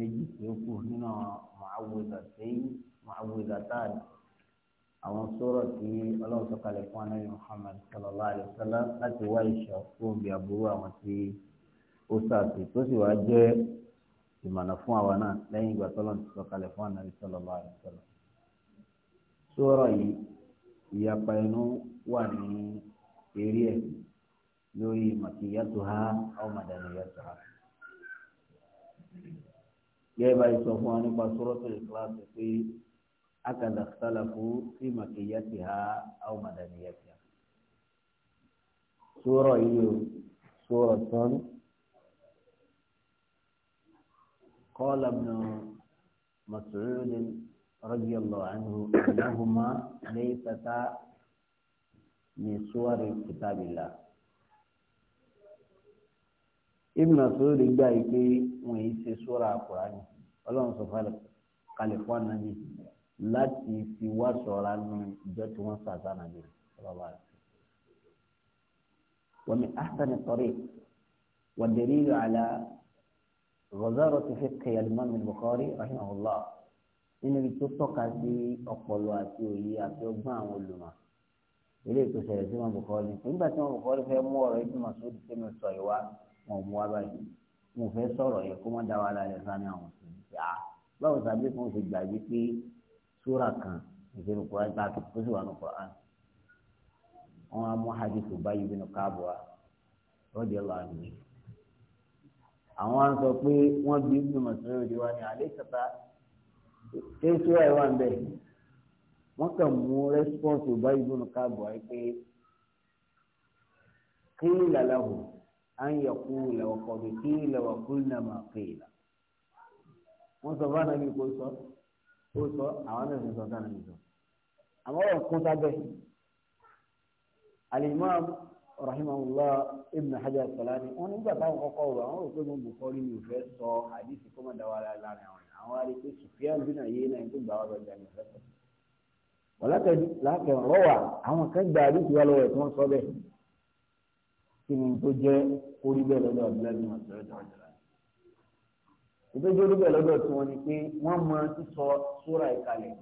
méjì tí ó kù nínú mu'awwidhatayn mu'awwidhatan àwọn sọ̀rọ̀ tí ọlọ́run sọ̀kalẹ̀ fún anáyẹ Muhammad sallallahu alayhi wa sallam láti wá ìṣọ́ fún bí aburú àwọn tí ó sàtì tó sì wá jẹ́ ìmọ̀nà fún àwa náà lẹ́yìn ìgbà tọ́lọ́run ti sọ̀kalẹ̀ fún anáyẹ sallallahu alayhi wa sallam. sọ̀rọ̀ yìí ìyapa ẹnu wà ní eré ẹ̀ lórí màkìyàtò ha àwọn màdàníyàtò ha gẹ́gẹ́ bá sọ fún wa nípa Suratul Ikhlas pé akada salafu fi makiyatiha aw madaniyatiha. sura yìí o sura tán qala ibn Mas'ud radiyallahu anhu annahuma laysata min suwari kitabillah. Ibn Mas'ud gbà yìí pé wọ́n yìí ṣe sura Kùránì ọlọ́run sọ kalẹ̀ fún anabi láti fi wá sọ̀rọ̀ nù ìjọ tí wọ́n sà sànà bí ọlọ́ba rẹ̀. ومن أحسن الطريق والدليل على غزارة فقه الإمام البخاري رحمه الله nínú ibi tó tọ́ka sí ọpọlọ àti òye àti ọgbọ́n àwọn olùmọ̀ eléyìí tó ṣẹlẹ̀ sí wọn bùkọ́ ni nígbà tí wọn bùkọ́ fẹ́ mú ọ̀rọ̀ ìdí màsúdì tí mi sọ ìwà wọn mú wá báyìí mo fẹ́ sọ̀rọ̀ yẹ kó má dá wàhálà rẹ̀ sáni àwọn yá báwo sàbí kan ṣe gbàgbé pé sóra kan ìṣẹ̀lẹ̀ kura ta tó sì wà ní kura wọn á mú hadith báyìí bínú káàbọ̀ wa lọ́dẹ lọ́wọ́ mi àwọn á sọ pé wọ́n bí bí mọ̀sálẹ́ òde wa ni àlẹ́ kẹta ṣé sóra ẹ̀ wà ń bẹ̀ wọ́n kàn mú rẹ́sípọ́ǹsì báyìí bínú káàbọ̀ wa pé kí làlàhùn. أن يقول وقد قيل وقلنا ما قيل wọ́n sọ fún anabi kò sọ kò sọ àwọn náà sì sọ fún anabi sọ àmọ́ ọ̀rọ̀ kún sábẹ́ alimam rahimahullah ibn hajar salami wọ́n nígbà táwọn kọ́kọ́ wọ àwọn òpin mọ bukori mi ò fẹ́ sọ àdìsí kó má dáwà láàrin àwọn àwọn àdìsí sufiyan bin ayé náà tó gbà wà lọ́jà ní ìfẹ́ sọ wọ́n lákẹ́ rọ́wà àwọn kan gba àdìsí wa lọ́wọ́ ẹ̀ tí wọ́n sọ bẹ́ẹ̀ kí ni tó jẹ́ orí bẹ́ẹ̀ lọ́dọ̀ abdullahi masoud ọ̀jọ̀ ìtọ́jú orí bẹ́ẹ̀ lọ́dọ̀ tí wọ́n ní pé wọ́n mọ sísọ súra ìkàlẹ̀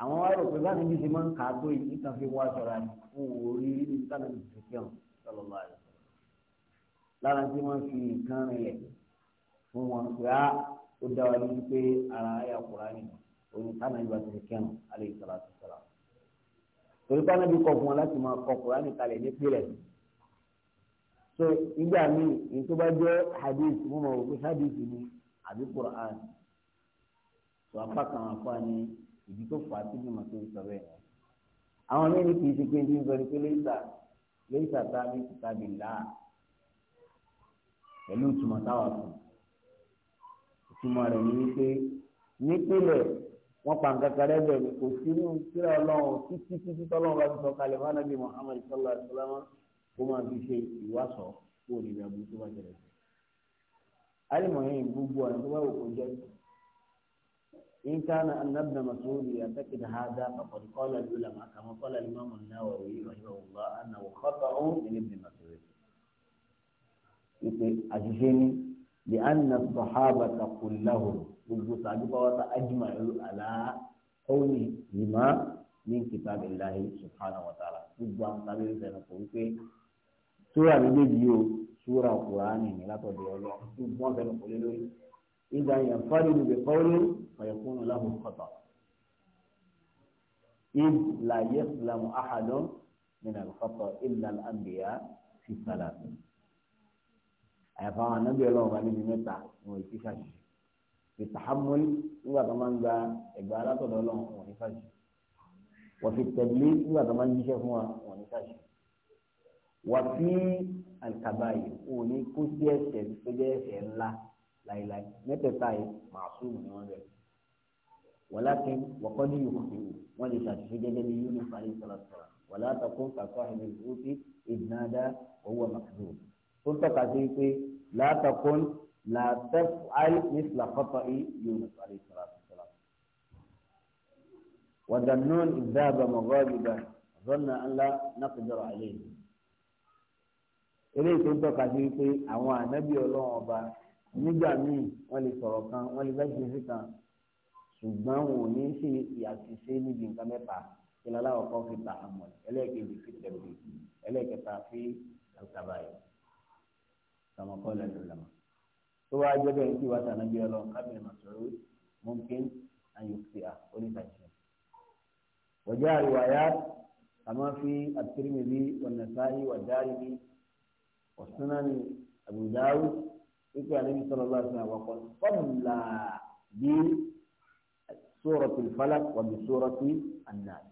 àwọn wá rò pé bá níbi ṣe máa ń kà á tó yìí kan fi wá sọ̀rọ̀ àti fún orí ní sálẹ̀ ní kẹ̀kẹ́hàn sọlọ́lá rẹ̀ lára tí wọ́n fi nǹkan rinlẹ̀ fún wọn pé á ó dá wa lójú pé ara ayà kura ni òní sálẹ̀ ní bàtẹ̀ alẹ́ ìsọ̀rọ̀ àti sọ̀rọ̀ torí pé ànábi kọ̀ fún wọn láti máa kọ kura ní kalẹ̀ ní pílẹ̀ so ìgbà míì èyí tó bá jẹ́ hadith mo mọ̀ pé hadith ni àbí Qur'an tó apá kan apá ni ìdí tó fà á sí ìgbìmọ̀ tó ń sọ bẹ́ẹ̀ àwọn míì ní kì í ṣe pé ní sọ ni pé lẹ́yìn sáà lẹ́yìn sáà tá a ní kìtàbí láà pẹ̀lú ìtumọ̀ táwa fún ìtumọ̀ rẹ̀ ni wípé nípìnlẹ̀ wọn pa nǹkan kan lẹ́bẹ̀ẹ́ kò sínú kíra ọlọ́run títí títí tọ́lọ́run bá ti sọ kalẹ̀ fún anábì Muhammad sallallahu Alaihi wa sallam kó máa fi ṣe ìwásọ̀ kó o lè rí aburú tó bá jẹrẹ sí. alimọ̀ yẹn gbogbo ọ̀nà tó bá wò kó jẹ́ إن كان أن ابن مسعود يعتقد هذا فقد قال العلماء كما قال الإمام النووي رحمه الله أنه خطأ من ابن مسعود أجيني لأن الصحابة كلهم gbogbo sàdúgbò wa ta ajimaru ala kóni yìí má ní kìtàbí lahi subhanahu wa ta'ala gbogbo àwọn sábẹ́ ìfẹ́ náà kò wípé súra méjèèjì o súra kùránì ní látọ̀dọ̀ ọlọ́run tí wọ́n fẹ́ lọ́kọ̀ lé lórí ìgbà yẹn fárí ní bẹ̀ kọ́lé ọ̀yẹ̀kùn láhùn kọ̀tọ̀ id la yaslamu ahadun min al-khata illa al-anbiya fi salat àyàfà àwọn anábì ọlọ́run bá níbi mẹ́ta ní wọ́n ti fàṣì ìtàhámúl nígbà tó máa ń gba ẹ̀gbà látọ̀dọ̀ ọlọ́run wọ́n ní fàṣì wọ́n fi tẹ̀lé nígbà tó máa ń jíṣẹ́ fún wa wọ́n ní fàṣì wà fi alikabayi ò ní kó sí ẹ̀ṣẹ̀ tó jẹ́ ẹ̀ṣẹ̀ ńlá láìláì mẹ́tẹ̀ẹ̀ta yìí màásùm ni wọ́n bẹ̀. wàlákì wàkọ́dí yòókù sí i wọ́n lè ṣàṣìṣe gẹ́gẹ́ bí yunus ní salatu wa wàlá takun kàtó àhìnrìn ìfúrúfì ìdínàdá owó àmàkùnrin tó ń tọ́ka sí pé látàkùn látẹ́fù àìlì nísìlá kọ́tọ̀ ì yunus alayhi salatu wa. wàdànù ìdáàbà mọ̀gọ́dìbà zọ́nà ńlá nàkùjọ́rọ̀ àlẹ́ yìí. eléyìí tó ń tọ́ka sí wípé àwọn ànábì ọlọ́run ọba nígbà míì wọ́n lè sọ̀rọ̀ kan wọ́n lè fẹ́ẹ́ ṣe sí kan ṣùgbọ́n wọn ò ní ṣe ìyàṣìṣe níbi nǹkan mẹ́ta ìlànà ọkọ̀ fi ta àmọ̀ ẹlẹ́ẹ̀kejì fi tẹ̀lé ẹlẹ́ẹ̀kẹta fi àtàbàyè kàmọ́kọ́ lẹ́nu lẹ́mọ́ tó wáá jẹ́ bẹ́ẹ̀ kí wàá tà nábì ọlọ́run kábìnrin màsọ̀rọ̀ mọ́mkín ayọ̀kì à wọ́jà àríwáyà kàmá fi at-Tirmidhi wan-Nasa'i wad ọ̀sánání àbùdáwù wípé ànábi sallallahu alaihi wasallam àwọ̀kọ́ fọ́nùlà bí suratul falak wà bí surati an-nas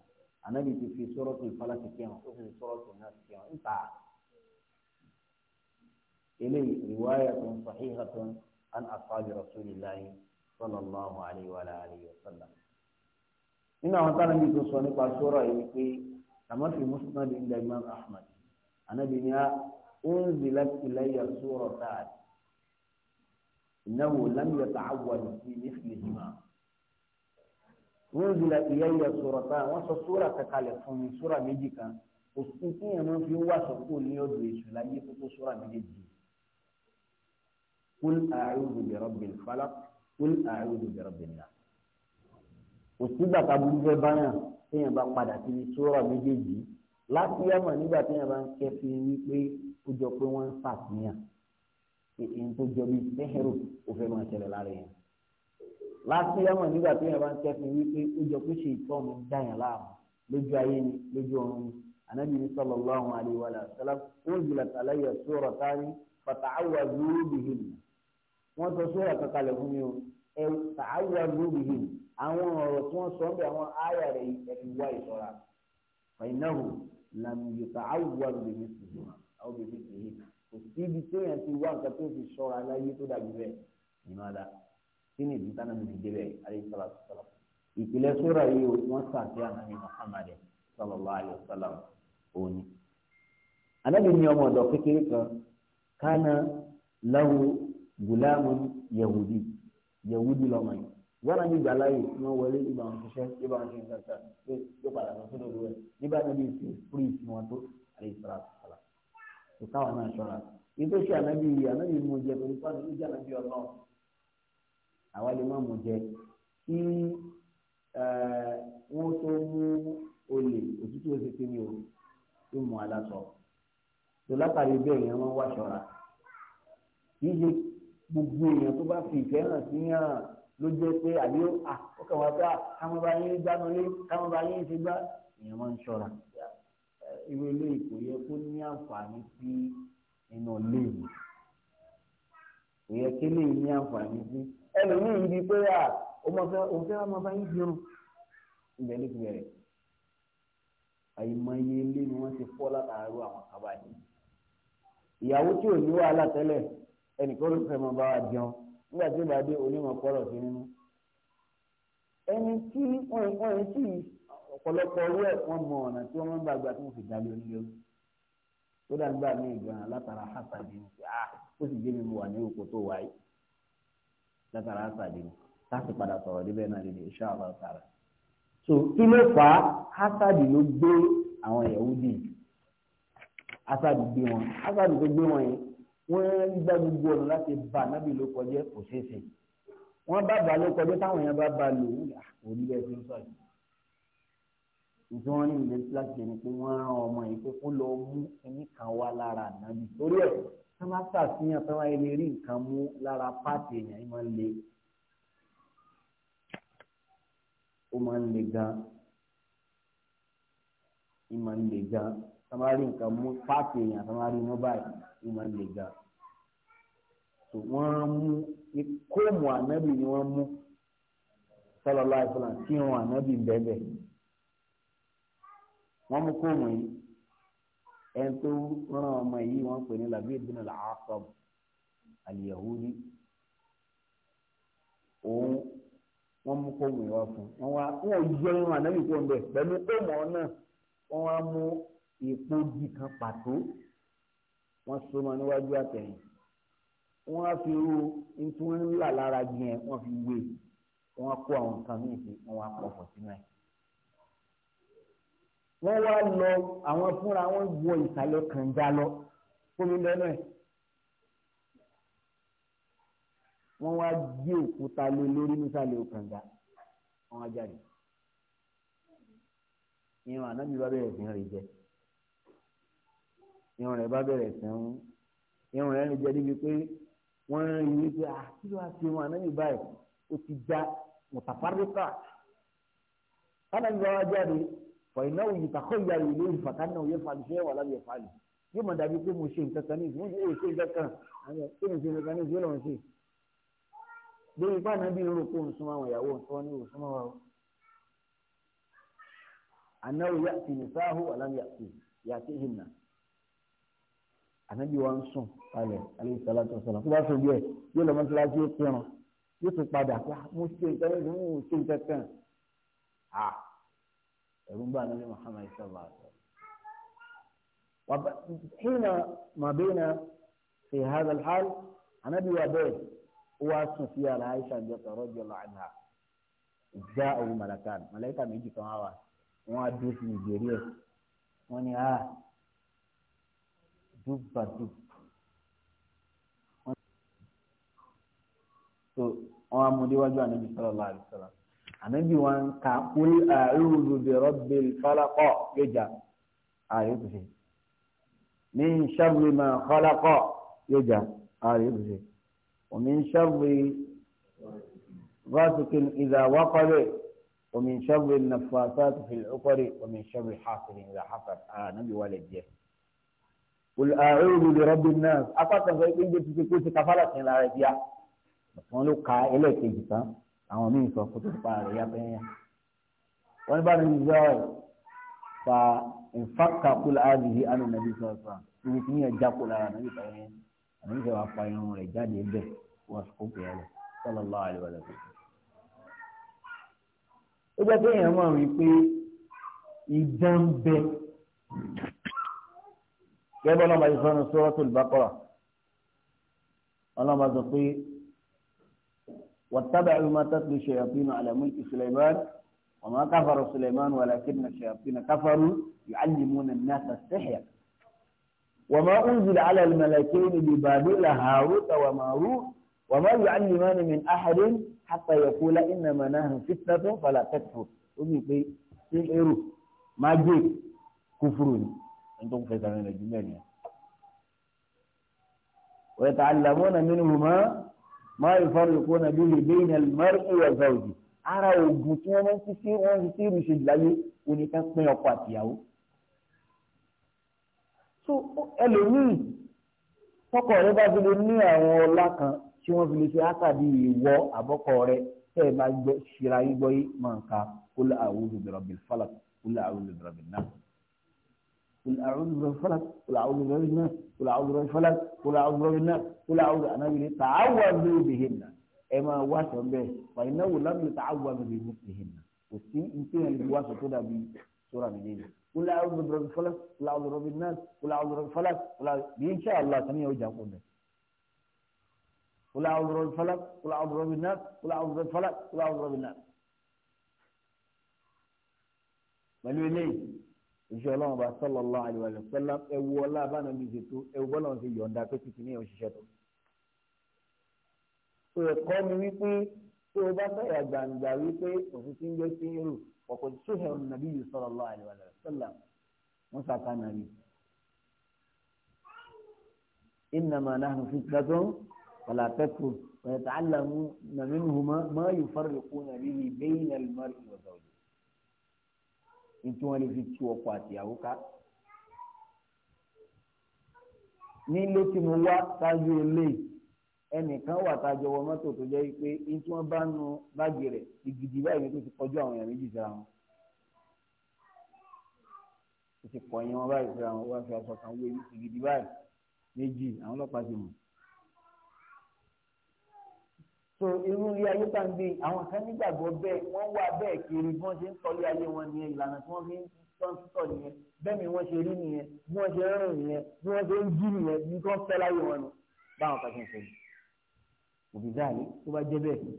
ànábi ti fi suratul falak kẹ́hàn ó sì fi suratul nas kẹ́hàn ń ta eléyìí riwayatun sahihatun an ashabi rasulillahi sallallahu alaihi wa alihi wa sallam nínú àwọn táwọn ibi tó sọ nípa sura yìí pé tàmátì musnad inda imam ahmad ànábi ni a. Ah, أنزلت إلي سورتان إنه لم يتعود في مثلهما أنزل إلي سورتان وصف سورة كالفون سورة ميجيكا òsìkí yẹn máa fi ń wá sọ́kò ní ọdún èṣù láyé kókó sọ́ra méjèèjì kúl a'udhu bi rabbil falaq kúl a'udhu bi rabbin nas òsìgbà taburú fẹ́ báyà téèyàn bá padà sí ní sọ́ra méjèèjì láti yàmà nígbà téèyàn bá ń kẹ́fì wípé ó jọ pé wọ́n ń ṣàtìyàn èyí tó jọ bíi sẹ́hẹ̀rù ó fẹ́ máa ṣẹlẹ̀ lára yẹn láti ẹ̀wọ̀n nígbà tí yẹn bá ń tẹ́sí wípé ó jọ pé ṣe ìtọ́ mi dá yẹn láàmú lójú ayé ni lójú ọ̀run ni anabi ni sallallahu alayhi wa sallam wọn jìlá tàlàyé sọ̀rọ̀ tání fàtàwà lóbìhìn wọn sọ sọ̀rọ̀ kankalẹ̀ fún mi o ẹ tàwà lóbìhìn àwọn ọ̀rọ̀ tí wọ́n sọ ń bẹ àwọn àyà rẹ̀ ẹ̀fí wá ìṣọ́ra fainahu lam yuta'awwal bi mithlihi àwọn bèbè kìí kò síbi téèyàn ti wá nǹkan tó fi ṣọ́ra láyé tó dàbí bẹ́ẹ̀ ìmọ̀ọ́dá kí ni ìdí tánà mi fi débẹ̀ àríṣàlá sọlá ìpìlẹ̀ sóra yìí wọ́n sàtì ànábì Muhammad sallallahu alaihi wasallam òní. ànábì ní ọmọ ọ̀dọ́ kékeré kan kánà lahu gùlámù yahudi yahudi lọ́mọ yìí wọ́n náà ní gbàláyè tí wọ́n wọlé ìgbà wọn ṣiṣẹ́ ìgbà wọn ṣe ń pé yóò padà lọ sódò kò káwọn náà ṣọ́ra ibi tí ànábì yìí ànábì mú jẹ torí pé ànábì jẹ ànábì Ọlọ́run àwa lè má mú jẹ kí wọn tó mú olè òtútù ó ti fi ní o tó mú aláṣọ tó látàrí bẹ́ẹ̀ yẹn wọ́n wá ṣọ́ra kì í ṣe gbogbo èèyàn tó bá fi ìfẹ́ hàn sí yàn ló jẹ́ pé àbí ó kàn wá pé káwọn bá yín dáná lé káwọn bá yín ṣe gbá èèyàn máa ń ṣọ́ra irú eléyìí kò yẹ kó ní àǹfààní sí inú ilé yìí kò yẹ kí eléyìí ní àǹfààní sí ẹlòmíì bíi pé à òun fẹ́ wá máa bá yín dirun ibẹ̀ ló ti bẹ̀rẹ̀ àyìnmáyé ilé ni wọ́n ti fọ́ látàárọ̀ àwọn kaba yìí ìyàwó tí ò ní wàhálà tẹ́lẹ̀ ẹnìkan ló fẹ́ máa bá wa jẹun nígbà tí ó bá dé onímọ̀ sí nínú ẹni tí wọ́n ẹ̀ tí ọ̀pọ̀lọpọ̀ owó ẹ̀kan mọ ọ̀nà tí wọ́n máa ń gbàgbà tí wọ́n fi dalẹ̀ onílé ó dà ń gbà mí gan látara hasadi ní pé ah ó sì jẹ́ mi mo wà ní oko tó wáyé látara hasadi ní láti padà sọ̀rọ̀ débẹ̀ náà lè ṣá ọ̀rọ̀ sára. so kí ló fà á hasadi ló gbé àwọn Yahudi hasadi gbé wọn hasadi tó gbé wọn yẹn wọ́n ń gbá gbogbo ọ̀nà láti bà nábì ló kọjá kò ṣeé ṣe wọ́n bá bà ló kọjá táwọn yẹn bá bà lò ó rí bẹ́ẹ̀ ń sọ nítorí wọn ní ìlú láti ṣe ni pé wọn rán ọmọ yìí pé kó lọ mú ẹni kan wá lára ànábì torí ẹ wọn bá ṣàfihàn pé wọn lè rí nǹkan mú lára páàtì èèyàn yìí máa ń le ó máa ń le gan yìí máa ń le gan wọn bá rí nǹkan mú páàtì èèyàn wọn bá rí mú báyìí yìí máa ń le gan tó wọn mú kóòmù ànábì ni wọn mú sọlọ láìpẹ́ náà kí wọn ànábì bẹ́ẹ̀ bẹ́ẹ̀ wọ́n mú fóònù yìí ẹn tó rán ọmọ yìí wọ́n pè ní labid bin al-asab al-yahudi òun wọ́n mú fóònù yìí wá fún wọn wá wọn ò yẹ irun ànábì tó ń bẹ pẹ̀lú ọmọ náà wọ́n wá mú ìpòjì kan pàtó wọ́n so mọ́ níwájú àtẹ̀yìn wọ́n á fi irú ntúwọ́n ńlá lára yẹn wọ́n fi wé wọ́n kó àwọn nǹkan míì sí wọ́n á pọ̀ pọ̀ ẹ̀ wọ́n wá lọ àwọn fúnra wọn wọ ìsàlẹ̀ kànga lọ fómi lẹ́nu ẹ̀ wọ́n wá gé òkúta lé lórí nísàlẹ̀ kànga wọ́n wá jáde irun ànábì bá bẹ̀rẹ̀ sí ń rí jẹ irun rẹ̀ bá bẹ̀rẹ̀ sí ń irun rẹ̀ ń jẹ níbi pé wọ́n ń rí wípé àti ah, ló wá sí irun ànábì báyìí ó ti já mọ̀tàfáríkà ànábì bá wá jáde fọ̀yìnáwó yìí takọ́ ìyàrá ìlú ìfàkà náà yẹ fàlù ṣẹ́ wà lábẹ́ fàlù yóò mọ̀ dàbí pé mo ṣe nǹkan kan ní ìsìn mo ṣe nǹkan kan àwọn ṣé mo ṣe nǹkan kan ní ìsìn lọ́wọ́ ṣe. lórí ipá náà bí irú kó ń súnmọ́ àwọn ìyàwó tí wọ́n ní ò súnmọ́ wọn. anáwó yà sí ní sáhù alámi yà sí wa ń sùn kalẹ̀ alẹ́ sọ̀rọ̀ tó bá sọ bí ẹ̀ yóò lọ mọ́tíláṣí ó pẹ́ràn yóò tún padà mo ṣe nǹkan kan ẹ̀rú gbà nílé Muhammad sọ̀rọ̀ àṣọ. حين ما بين في هذا الحال النبي وابيه واسم فيها لعائشة رضي الله عنها جاءوا ملكان ملائكة méjì kan wá wọ́n á dúró sí Nàìjíríà wọ́n ní ah, a dúbàdù wọ́n á mú déwájú Ànábì sallallahu alaihi wasallam ànábì wọn ka kúl a'udhu bi rabbil falaq yójà ààrẹ kò ṣe min sharri ma khalaq yójà ààrẹ kò ṣe wa min sharri ghasikin idha waqab wa min sharri naffasati fil 'uqad wa min sharri hasidin idha hasad ànábì wọn lè jẹ olùhàrúurú lè rọ́bì náà apá kan sọ pé ń gbé kó ti kafálà sí lára ẹ̀bíà wọn ló ka ẹlẹ́ẹ̀kejì tán àwọn míì sọ kó tó pa rẹ̀ yá bẹ́ẹ̀ yẹn wọ́n bá mi zọ ẹ̀ fa ìfáàkà kúlẹ̀ àdìyí àná nàbí sọ̀rọ̀ ibi tí yẹn já kúlẹ̀ àná nàbí sọ̀rọ̀ yẹn àná ìjọ wa fa irun rẹ̀ jáde bẹ̀ wọ́n sọ pé ẹ̀ sallallahu alaihi wa sallam. ó jẹ́ pé èèyàn máa rí pé ìdán bẹ gẹ́gẹ́ bọ́lá ọmọdé sọ́nù Suratul Baqara ọlọ́mọdé sọ pé. واتبعوا ما تتلو الشياطين على ملك سليمان وما كفر سليمان ولكن الشياطين كفروا يعلمون الناس السحر وما أنزل على الملكين ببابل هاروت وماروت وما يعلمان من أحد حتى يقول إنما نحن فتنة فلا تكفر omi pe ايرو ما جيت كفروني انتم في زمن ń ويتعلمون منهما máa yóò fọ́nrán ìkó náà bí ìbéyìí náà mẹ́rin ìwà zọ́ọ̀dì ara oògùn tí wọ́n máa ń fi sí wọ́n fi sí ìrìṣẹ́ ìdíláyé oníkan pín ọkọ àtìyàwó. so ẹlòmíì tọkọ rẹ bá fi lè ní àwọn ọlá kan tí wọ́n fi lè ṣe ákàdé ìwọ àbọ́kọ rẹ tẹ́ ẹ bá ṣíra yín gbọ́ yìí máa ń ka kólà àwọn olùdọ̀rọ̀bì fálà kólà àwọn olùdọ̀rọ̀bì náà. قل أعوذ برب الفلق قل أعوذ برب الناس قل أعوذ برب الفلق قل أعوذ برب الناس قل أعوذ أنا بلي تعوذوا بهن إما واسع به فإنه لم يتعوذ بمثلهن وسي يمكن اللي بواسع كده بسورة جديدة قل أعوذ برب الفلق قل أعوذ برب الناس قل أعوذ برب الفلق قل إن شاء الله سميع وجه قلنا قل أعوذ برب الفلق قل أعوذ برب الناس قل أعوذ برب الفلق قل أعوذ برب الناس pẹ̀lú eléyìí iṣẹ́ ọlọ́run bá sallallahu alaihi wa sallam ẹwu ọlá abánàbí ṣètò ẹwu bọ́lọ́run ṣe yọ̀ǹda pé kìkì ní òṣìṣẹ́ tó. tó ẹ̀kọ́ mi wípé tó o bá fẹ́yà gbàǹgbà wípé òfin ti ń gbé sí irú ọ̀pọ̀ tó ṣe hàn nàbí yìí sallallahu alaihi wa sallam wọ́n ṣàkà nàbí. innama nahnu fitnatun fala takfur wa yata'allamuna minhuma nítorí wọn lè fi tu ọkọ àtìyàwó ká nílé tí mo wá ṣáájú ilé ẹnìkan wà tájọ wọ mọ́tò tó jẹ́ pé ní tí wọ́n bá nu báàgì rẹ̀ ìgidì báyìí tó ti kọjú àwọn èèyàn méjì síra wọn tó ti kọ̀yìn wọn báyìí síra wọn wá fi aṣọ kan wé ìgidì báyìí méjì àwọn ọlọ́pàá ti mọ̀ so irú ilé ayé tá à ń gbé àwọn kan nígbàgbọ́ bẹ́ẹ̀ wọ́n wà bẹ́ẹ̀ kiri bí wọ́n ṣe ń tọ́lé ayé wọn nìyẹn ìlànà tí wọ́n fi ń tọ́ntọ́ nìyẹn bẹ́ẹ̀ ni wọ́n ṣe rí nìyẹn bí wọ́n ṣe ń rìn nìyẹn bí wọ́n ṣe ń jí nìyẹn bí wọ́n fẹ́ láyé wọn ni báwọn kan ṣe ń sẹ́yìn. òbí dáàlì tó bá jẹ́ bẹ́ẹ̀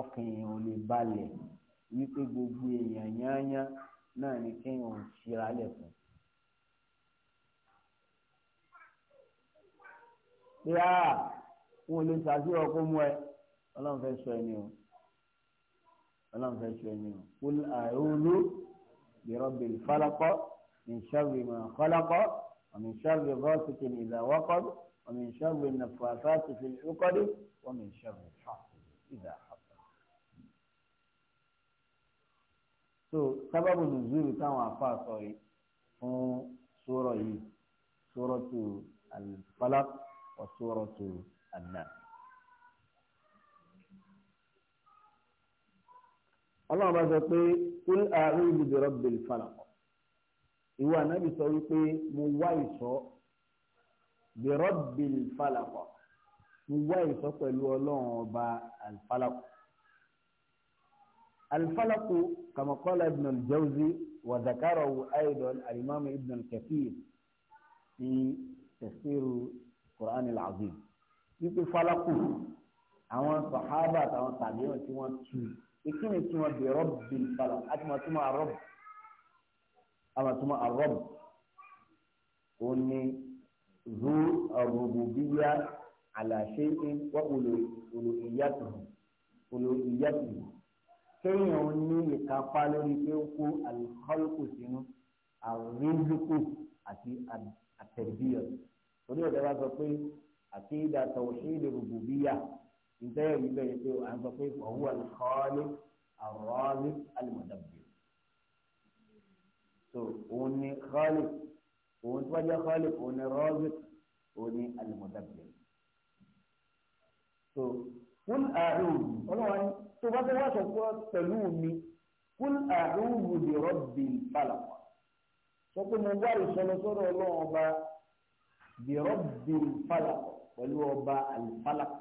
ọkàn èèyàn ò lè balẹ̀ wípé gbogbo èèyàn yányá náà wọn lè ṣàfihàn kó mú ẹ ọlọ́run fẹ́ sọ ẹni o ọlọ́run fẹ́ sọ ẹni o kul a'udhu bi rabbil falaq min sharri ma khalaq wa min sharri ghasiqin idha waqab wa min sharri naffathati fil 'uqad so sábàbù nùzúrù táwọn afa sọ yìí fún sórọ yìí sórọ tó al-falaq wa tó. الناس ọlọ́run bá sọ pé kúl a'udhu bi rabbil falaq ìwọ ànábì sọ wípé mo wá ìṣọ́ bi rabbil falaq mo wá ìṣọ́ pẹ̀lú ọlọ́run ọba al-falaq al ibn al-jawzi wa dhakarahu aydan al-imam ibn al-kathir fi tafsir qur'an al-azim wípé falaku àwọn sàhábà àtàwọn tàbí wọn tí wọn tù ìkíni tí wọn bẹ̀rọ̀ bíi falak àti wọn tún máa rọ̀bù àwọn tún máa rọ̀bù ó ní zu rububiya ala shay'in wa uluhiyyatuhu uluhiyyatuhu kéèyàn ó ní ìkápá lórí pé ó kó alikọ́lùkù sínú àrídùkù àti àtẹ̀bíyà oníyọ̀dẹ́ bá sọ pé àkídà tawhid rububiyya ntẹ́yẹ̀ rí bẹ́ẹ̀ pé à ń sọ pé huwa al-khaliq ar-raziq al-mudabbir. so òun ni khaliq òun tí wọ́n jẹ́ khaliq òun ni raziq òun ni al-mudabbir. so kúl a'udhu ọlọ́wọ́n tó bá fẹ́ wá sọ pé pẹ̀lú mi kúl a'udhu bi rabbil falaq sọ pé mo wá ìsọlọsọdọ ọlọ́wọ́n ọba bi rabbil falaq pẹ̀lú ọba alifalak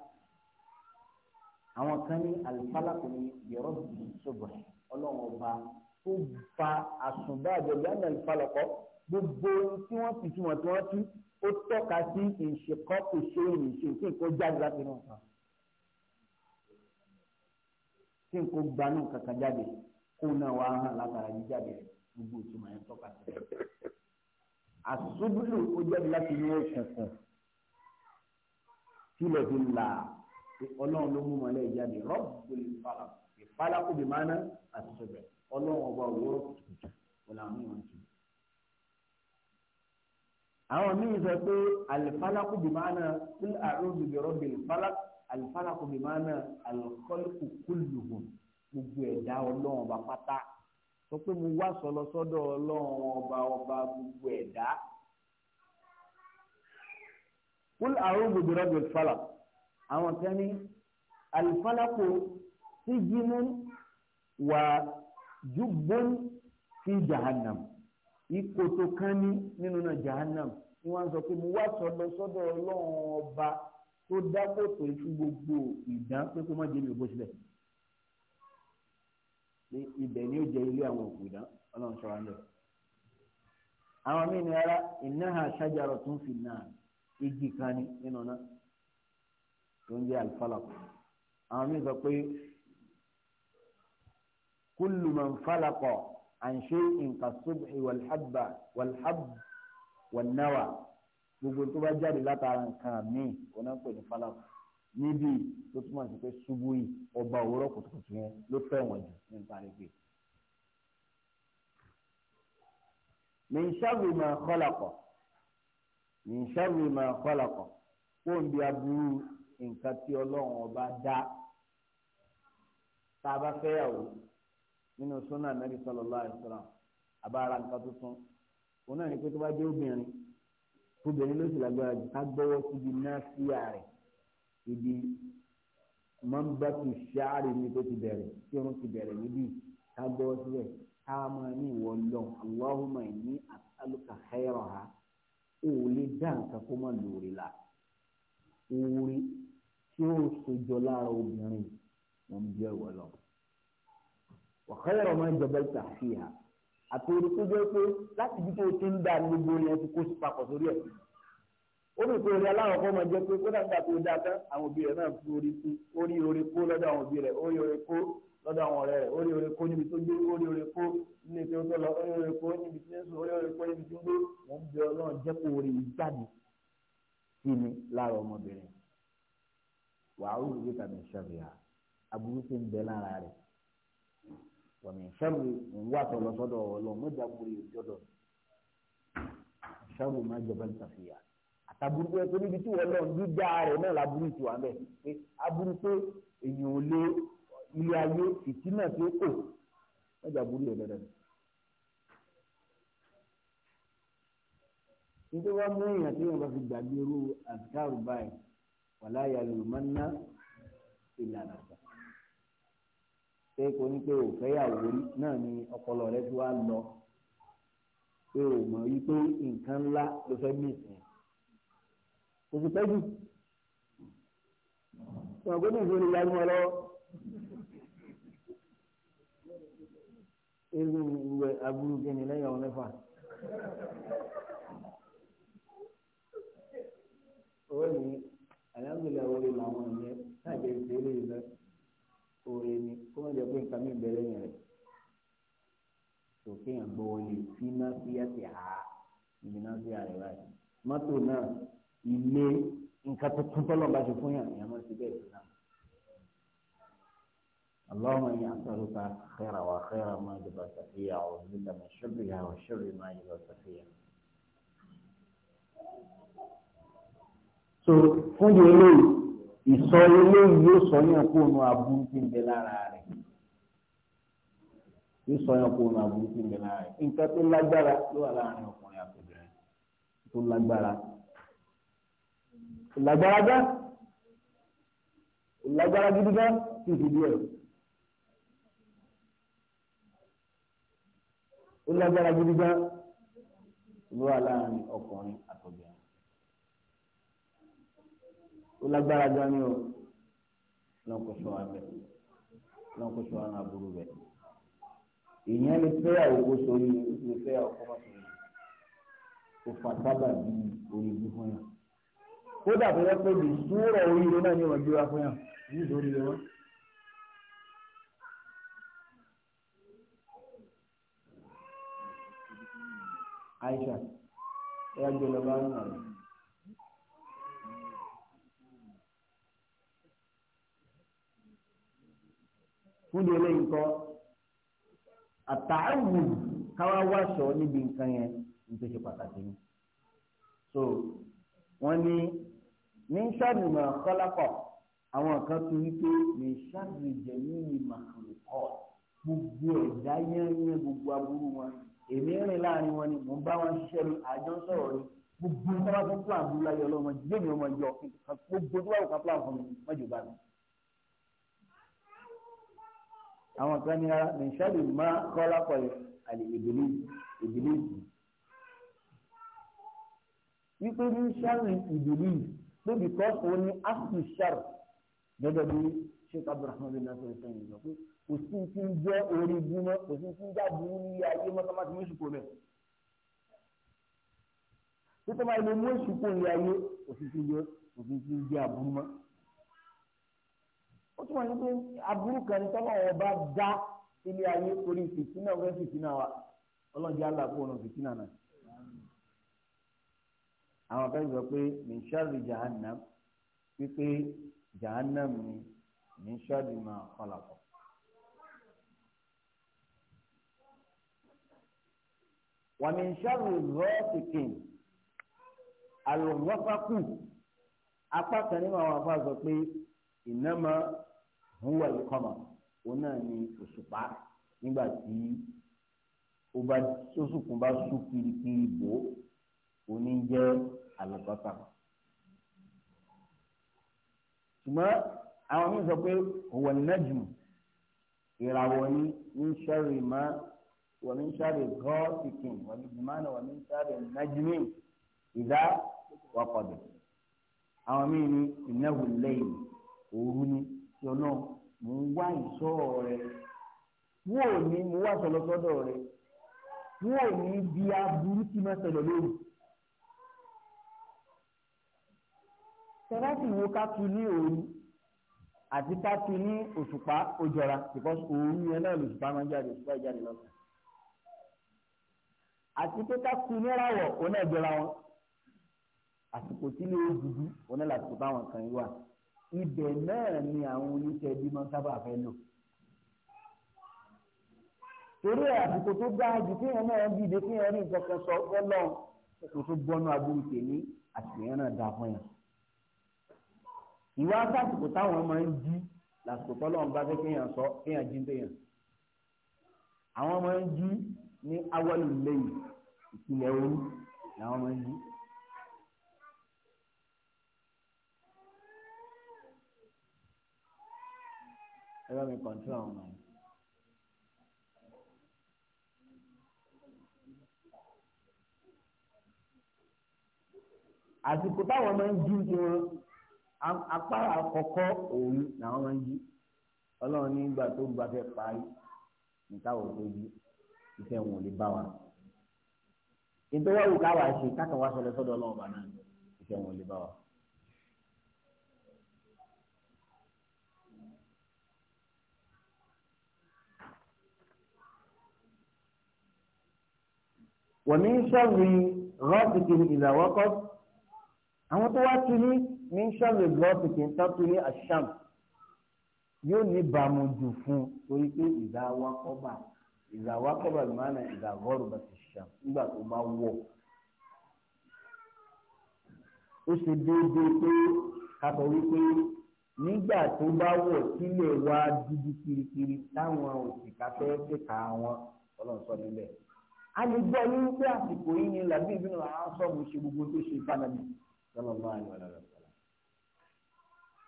àwọn kan ní alifalak ní yọrọ sọgbọn ọlọ́run ọba tó fa àsùnbà àjọyọ̀ ní alifalakọ gbogbo tí wọ́n ti tí wọ́n tí wọ́n tú ó tọ́ka sí ìṣekọ́ kò ṣe ìrìnṣe tí nǹkan jáde láti inú nǹkan tí nǹkan gbanú kankan jáde kó náà wàá hàn látara jíjáde gbogbo ìtumọ̀ yẹn tọ́ka sí. àsùnbùlù ó jáde láti inú òkùnkùn sílẹ̀ fi là ọlọ́run ló mú mọ́lẹ̀ jáde rọ́bùl fàlà ìfàlà kò bí mánà àti sọ̀bẹ̀ ọlọ́run ọba òwúrọ̀ kùtùkùtù ọ̀là àwọn èèyàn ti. àwọn míì sọ pé àlìfàlà kò bí mánà kúl àrùn bìbí rọ́bìl fàlà àlìfàlà kò bí mánà àlùkọ́lùkù kúlùhùn gbogbo ẹ̀dá ọlọ́run ọba pátá sọ pé mo wá sọ lọ ọlọ́run ọba ọba gbogbo ẹ̀dá kúl àrùn gbogbo rẹ̀ fàlà àwọn kan ní alifalako sijimun wà jubbun fi jahannam ìkòtò kan ní nínú náà jahannam ni wọ́n sọ pé mo wá sọdọ sọ́dọ̀ Ọlọ́run ọba tó dákòtò ìfún gbogbo ìdán pé kó má jẹ mi ò bó sílẹ̀ ibẹ̀ ni ó jẹ ilé àwọn òkú ìdán Ọlọ́run sọ wa ń lọ àwọn míì ní ara innaha shajaratun fin nar igi kan ní nínú náà tó ń jẹ́ alfalak àwọn míì sọ pé kullu man falaqa an shay'in kasubhi walhabba walhab wannawa gbogbo tó bá jáde látara nǹkan míì wọn náà pè ní falak níbi tó túmọ̀ sí pé ṣubú yìí ọba òwúrọ̀ kùtùkùtù yẹn ló fẹ̀wọ̀n jù nípa rẹ̀ pé. min sharri ma khalaqa min sharri ma khalaqa kó ń bí aburú nǹkan tí ọlọ́run ọba dá tá a bá fẹ́yàwó nínú sunnah Nabi sallallahu alaihi wasallam àbára nǹkan tuntun òun náà ní pé tó bá jẹ́ obìnrin obìnrin ló sì lágbára jù ká gbọ́wọ́ síbi náà sí ààrẹ ibi mọ́ńbàtú ṣáàrì ni tó ti bẹ̀rẹ̀ tí òun ti bẹ̀rẹ̀ níbí ká gbọ́wọ́ síbẹ̀ ká máa ní ìwọ lọ Allahumma inni as'aluka khayraha o ò lè dá nǹkan kó má lóore la oore tí ó sojọ lára obìnrin wọn bí ẹwọ lọ ọ̀kẹ́rọ̀ máa ń jọba ìtàfihàn àtòrí tó jẹ́ pé láti bí tó ti ń dà gbogbo yẹn ti kó papọ̀ sórí ẹ̀ ó lè pe orí aláwọ̀ kọ́ máa jẹ́ pé kó dàgbà tó dáa tán àwọn òbí rẹ̀ náà fi orí kó lọ́dọ̀ àwọn òbí rẹ̀ orí orí kó lọ́dọ̀ àwọn ọ̀rẹ́ rẹ̀ orí oore kó níbi tó gbé orí oore kó nílé tí ó tó lọ orí oore kó níbi tí ó sùn orí oore kó níbi tí ó gbé wọ́n bẹ ọlọ́run jẹ́ kó orí jáde sí mi lára ọmọbìnrin wàá ó lè gbé mi ṣàbíyà aburú ti ń bẹ lára rẹ̀ wọ̀mí ṣàbù ń wà tọ̀ sọ́dọ̀ ọlọ́run mọ́jà kúrò ìjọdọ̀ ṣàbù má jẹ bẹ́ẹ̀ ṣàfihàn àtàbùrú pé níbi tí wọ́n lọ ilé ayé ìtínà tí ó kò ọjà burú yẹn dandan. nítorí wọn mú èèyàn tí wọn bá fi gbàgbé irú àtikáàrù báyìí wàlá yàrá ìmọ̀ ná ìlànà sà. pé kò ní pé òfẹ́ yàwó náà ni ọpọlọ rẹ ti wá lọ pé o mọ̀ wípé nǹkan ńlá ló fẹ́ mí ìsìn kò sì pẹ́ jù. ìwọ̀n gómìnà ìfowópamọ́ lọ́wọ́. irú ìwẹ̀ aburú kìíní lẹ́yìn ọ̀rọ̀ mẹ́fà. ó ní àyàmìlẹ̀ orí làwọn ìyẹn láti ṣe eré ìlẹ̀ orí ni kó má jẹ́ pé nǹkan mi bẹ̀rẹ̀ yẹn rẹ̀. sòkè yẹn gbọ́ wọlé fínà fíyàtì ha ìbí náà fíyà rẹ̀ báyìí. mọ́tò náà ilé nǹkan tuntun tọ́lọ̀ bá ṣe fún yàn ìyẹn mọ́ sí bẹ́ẹ̀ اللهم إني أسألك خير وخير ما جبت فيه أعوذ بك من شرها وشر ما جبت فيه so fún yìí eléyìí ìsọ eléyìí yóò sọ yẹn kó nu aburú tí ń bẹ lára rẹ̀ yóò sọ yẹn kó nu aburú tí ń bẹ lára rẹ̀ nǹkan tó lágbára ló wà láàrin ọkùnrin àtòbìnrin tó lágbára lágbára gá lágbára gidi gá tó fi ó lágbára gidi gan ló wà láàrin ọkùnrin àtọ̀bìnrin ó lágbára gan ni o lọ́n kó sọ abẹ lọ́n kó sọ àwọn àbúrò bẹ èèyàn lè fẹ́ àwòkó sórí lè fẹ́ àwòkó mọ́ sórí kò fà sábà bí orí ibi fún yàn kódà tó yẹ pé bí súwúrọ̀ oríire náà ni wọ́n gbé wá fún yàn ní ìdórí rẹ̀ wọ́n. Aisha ẹ yá gbé lọ bá ń nàró. fún di eléyìí kọ́ àtàwù káwá wáṣọ níbi nǹkan yẹn nítorí ṣe pàtàkì ni. so wọ́n ní ní sàbìmọ̀ kọ́lápọ̀ àwọn kan tún wípé ní sàbìjẹ́ ní ìmàkùnkọ́ gbogbo ẹ̀dá yẹn yẹn gbogbo aburú wọn èmi rìn láàrin wọn ni mò ń bá wọn ṣiṣẹ́ ní àjọ sọ̀rọ̀ ni gbogbo tí wọ́n fún plan burú láyé ọlọ́mọ jẹ́ mi ọmọ yọ gbogbo tí wọ́n fún plan fún mi wọ́n jù bá mi. àwọn kan ní ara nìṣẹ́lì máa kọ́ lápọ̀ àlè ìdílé ìdílé wípé ní sáré ìdílé pé bìkọ́sì ó ní áṣì sáré gẹ́gẹ́ bí sheikh abdulrahman bin nasir sẹ́yìn lọ kò sí ti ń jẹ́ orí gbúmọ́ kò sí ti ń jáde nílé ayé mọ́tọ́mọ́tì mú ìṣùkò rẹ̀ títí máa lè mú ìṣùkò nílé ayé kò sí ti ń jẹ́ kò sí ti ń jẹ́ aburú mọ́. ó túmọ̀ sí pé aburú kan ní tọ́lá wọn bá dá ilé ayé orí fìtínà wọ́n fìtínà wa ọlọ́njẹ́ aláàbò ọ̀nà fìtínà náà. àwọn kan sọ pé min jahannam wípé jahannam ni min sharri ma ومن شر الغاسق الغفق apá kan nínú àwọn afá sọ pé ìnáma huwa ìkọmà òun náà ni òṣùpá nígbà tí ó bá sósùkùn bá sú kirikiri bò òní jẹ́ àlùkọ́tà. ṣùgbọ́n àwọn míì sọ pé huwa najm ìràwọ̀ ni ń ṣẹ́rìí máa. ومن شر غاسق ومن ومن شر النجم إذا وقد àwọn míì ní ìnáwó lẹ́yìn òru ni tí ọlọ́run mò ń wá ìṣọ́ rẹ wò ní mo wá sọ lọ́sọ́dọ̀ rẹ wò ní bí aburú tí máa ṣẹlẹ̀ lóru. sẹ́ráfì wo ká tu ní òru àti ká tu ní òṣùpá òjọra because òru yẹn náà lòṣùpá máa ń jáde òṣùpá ìjáde lọ́sàn-án àti pé ká kú níràwọ̀ òun náà jọra wọn àsìkò tí lè dúdú òun náà làsìkò báwọn kan yìí wà ibẹ̀ náà ni àwọn oníṣẹ́ bí máa ń sábà fẹ́ lò torí àsìkò tó dáa jù kéèyàn náà dìde kéèyàn rí nǹkan kan sọ fọlọ́ kò tó gbọ́nú agbóhùn tèmi àsìkò yẹn náà dáa fún yàn ìwà sásìkò táwọn máa ń jí làsìkò tọ́lọ́run bá fẹ́ kéèyàn sọ kéèyàn jí ń tèèyàn àwọn máa ń jí ní awọ́lù lẹ́yìn ìpìlẹ̀ orí làwọn máa ń yí. ẹ bá mi kọ̀ǹtún àwọn ọmọ yìí. àsìkò táwọn máa ń jí ti wọn apá àkọ́kọ́ òun làwọn máa ń jí ọlọ́run nígbà tó gbafẹ́ parí níta tó jí iṣẹ́ wọn ò lè bá wa nítorí ọ̀hún káwá ṣe kákan wá sọlẹ̀ sọ́dọ̀ ọlọ́ọ̀bà náà ìfẹ́ wọn lè bá wa. wọ̀mí ń ṣọ́ọ̀rì rọ́ọ̀tìkì ìlàwọ́kọ́ àwọn tó wá tu ní ní ń rọ́ọ̀tìkì ń tọ́tù ní àṣàm yóò ní bàmù fún torí pé ìdáwọ́kọ́ bàtà ìzàwá kọ́bà lùmánà ìzàgọ́rù bá ti ṣà nígbà tó bá wọ̀ ó ṣe déédéé pé kàtọ́ wípé nígbà tó bá wọ̀ sílẹ̀ wá dúdú kirikiri táwọn òṣìkà fẹ́ ṣèkà wọn ọlọ́run sọ níbẹ̀ a lè gbọ́ ní wípé àsìkò yìí ni làbí ìbínú àwọn sọ́ọ̀bù ṣe gbogbo tó ṣe fánàbì sọ́nà máa ń wọlé rẹ̀ sọ́la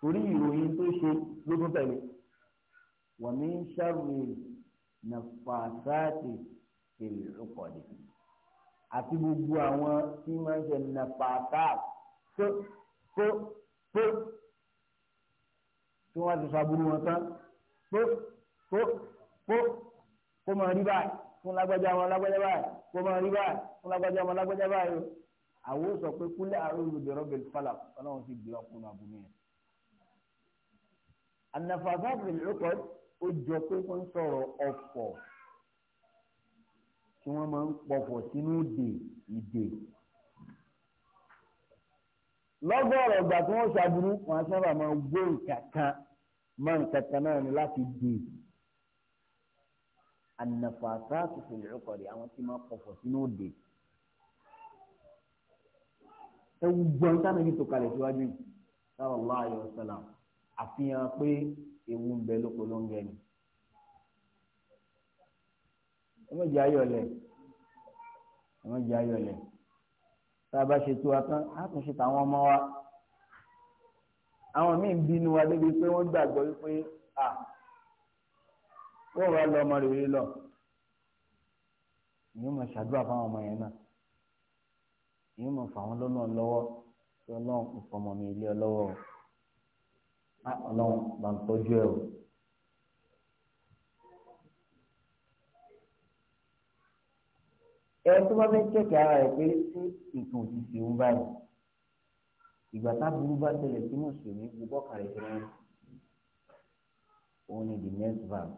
torí ìròyìn tó ṣe ló tẹ̀lé wọ̀n ní sáré nàfàṣáàtì fèrè ọkọ̀dé àti gbogbo àwọn tí wọ́n ń ṣe nàfàṣáàtì tó tó tó tí wọ́n ti sàbúrú wọn tán tó tó tó kó máa rí báyìí fún lágbájá wọn lágbájá báyìí kó máa rí báyìí fún lágbájá wọn lágbájá báyìí o àwọn ò sọ pé kúlẹ̀ àrùn olùdọ̀rọ̀ bẹ̀rẹ̀ falà ọlọ́run sì gbé ọkùnrin àbúrò yẹn. ànàfàṣáàtì fèrè ọkọ̀dé ó jọ pé wọ́n ń sọ̀rọ̀ ọ̀fọ̀ tí wọ́n máa ń pọ̀fọ̀ sínú ìdè ìdè lọ́gọ́rọ̀ ọ̀gbà tí wọ́n ṣàbùrú wọn sábà máa gbé nǹkankan máa nǹkankan náà ni láti dè ànàfàṣà tuntun ìrẹ́kọ̀dé àwọn tí máa pọ̀fọ̀ sínú ìdè ewu gbọ́n sáré ní tòkalẹ̀ síwájú sallallahu alaihi wasallam àfihàn pé ewu ń bẹ lóko ló ń bẹ ni ọmọ ìjà tá a bá ṣètò àtàn á tún ṣètò àwọn ọmọ wa àwọn míì ń bínú wa débi pé wọ́n gbàgbọ́ wípé à wọ́n wá lọ ọmọ rèé lọ ìyẹn mọ̀ ṣàdúrà fáwọn ọmọ yẹn náà ìyẹn mọ̀ fà wọ́n lọ́nà tí ọlọ́run kò fọmọ mi ilé ọlọ́wọ́ o. Ah, ọlọ́run bá ń tọ́jú ẹ o. ẹ tó bá fẹ́ kẹ̀kẹ́ ara rẹ̀ pé ṣé nǹkan òṣìṣẹ́ ń báyìí ìgbà táburú bá tẹ̀lé sí mùsùlùmí gbogbo ọkàn rẹ̀ ṣe wọ́n òun ni the next verse.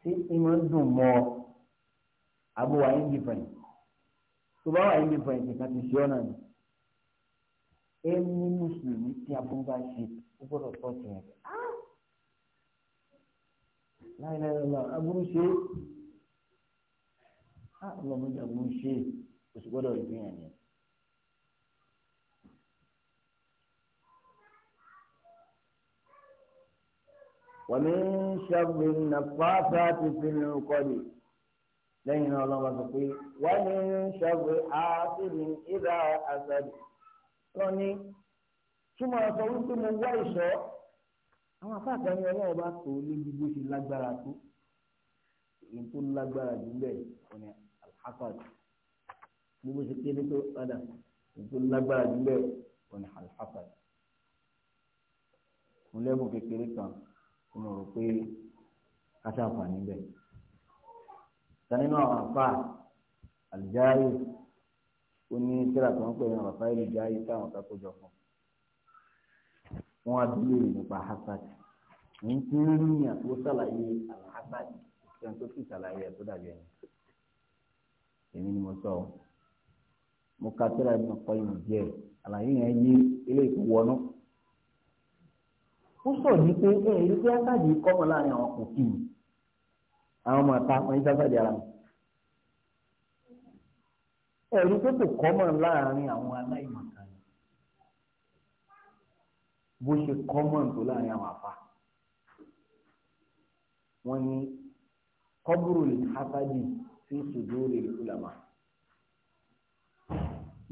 ṣé ìmọ̀ ń dùn mọ́ abúwa indifferent tó bá wà indifferent nǹkan ti ṣe ọ́ náà ni ẹni mùsùlùmí tí aburú bá ṣe ó gbọ́dọ̀ pọ̀ tì yẹn. láìláìlá aburú ṣe á ah, ọlọ́mọdé aburú ṣe kò sì gbọ́dọ̀ rí bíyàn ni. wàmí ṣàgbé nàfàfà ti fi ní kọ́lì lẹ́yìn náà ọlọ́mọ sọ pé wàmí ṣàgbé àti ní ìdá àṣàdì kan ní túmọ̀ sọ wípé mo wá ìṣọ́ àwọn afáàkàn ní ọlọ́run bá tó lébi bó ṣe lágbára tó èyí tó lágbára jù bẹ́ẹ̀ ọ̀nà alhasad bí bó ṣe kéré tó padà èyí tó lágbára jù bẹ́ẹ̀ ọ̀nà alhasad mo lẹ́bùn kékeré kan mo rò pé kásá àǹfààní bẹ́ẹ̀ ta nínú àwọn afá àlùjáyé ó ní síra tó ń pè ní rafael jayi táwọn kakójọ fún wọn á dúró nípa hasad ń tí ń rí ní àtúwò sàlàyé alhasad ìṣẹ́ni tó sì sàlàyé ẹ̀ tó dàbí ẹni èmi ni mo sọ mo ka síra ẹni ọkọ yìí díẹ̀ àlàyé yẹn yí ilé ìkówọnú ó sọ ní pé ẹ ẹ ilé hasad kọ́mọ láàrin àwọn kò kì í àwọn ọmọ ta wọn ní hasad ara mi ẹ̀rú tó kò kọ́mọ̀ láàrin àwọn aláìmọ̀kan bó ṣe kọ́mọ̀ tó láàrin àwọn àfa wọ́n ní kọ́búrò lè hásájì sí sùdúrì ìfúlàmà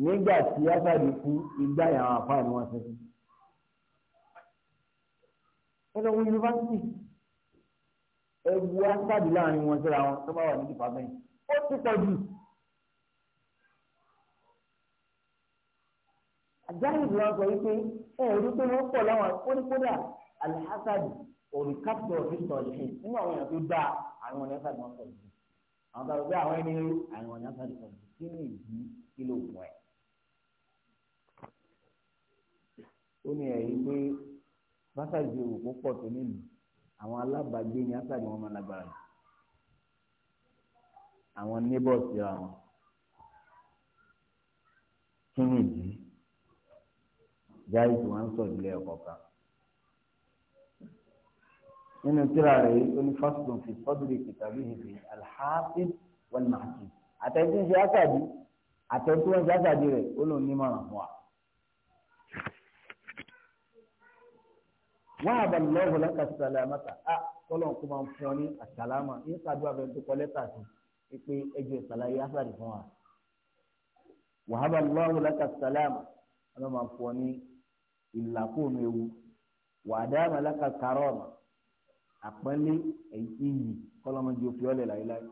nígbà tí hásájì kú igbá àwọn àfa ni wọ́n ṣe ẹ lọ yunifásitì ẹ hásájì láàrin wọn síra wọn tó bá wà ní dìpámẹ́ǹtì ó ti pọ̀ jù. àjáde ìlú wọn sọ wípé ẹ rí pé wọn pọ̀ láwọn kóníkódà alhassadi òrì kápítọ̀ ọ̀fíìsì ọ̀lẹ́sìn nínú àwọn èèyàn tó dáa àwọn ọ̀nà ẹ̀fà ni wọ́n sọ yìí àwọn tó gbé àwọn ẹni rí àwọn ọ̀nà ẹ̀fà ni wọ́n sọ yìí kí ni ìdí kí ló wọ̀ ẹ́. ó ní ẹ̀rí pé fásitì èrò kó pọ̀ tó nílùú àwọn alábàágbé ni ásà ni wọ́n máa lágbára jù àwọn neighbors ra wọn kí ni ìdí jáì tí wọ́n ń sọ ìdílé ẹ̀kọ́ kan. nínú tíra rẹ̀ yìí ó ní fásitì fi sọ́dúrì kìtàbí ìfẹ́ alhassi wọn máa ti àtẹ̀tí ń ṣe àṣàdì àtẹ̀tí wọn ṣe àṣàdì rẹ̀ ó lòun ní mọ̀ràn fún wa. wọ́n àbá lọ́wọ́ lọ́kà sàlámàtà á kọ́lọ̀ kó máa ń fún ọ ní àsàlámà ní sàdúrà bẹ́ẹ̀ tó kọ́ lẹ́tà sí pé ẹjọ́ ìsàlàyé àṣàdì fún wa. wàhábà lọ́wọ́ lọ́kà sàlámà ọlọ́mà fún ọ ìlàkùnrin ewu wàdà màláka karọ́ọ̀mù àpẹẹlẹ iyì kọlọmọdé òfin ọlẹ láyéláyé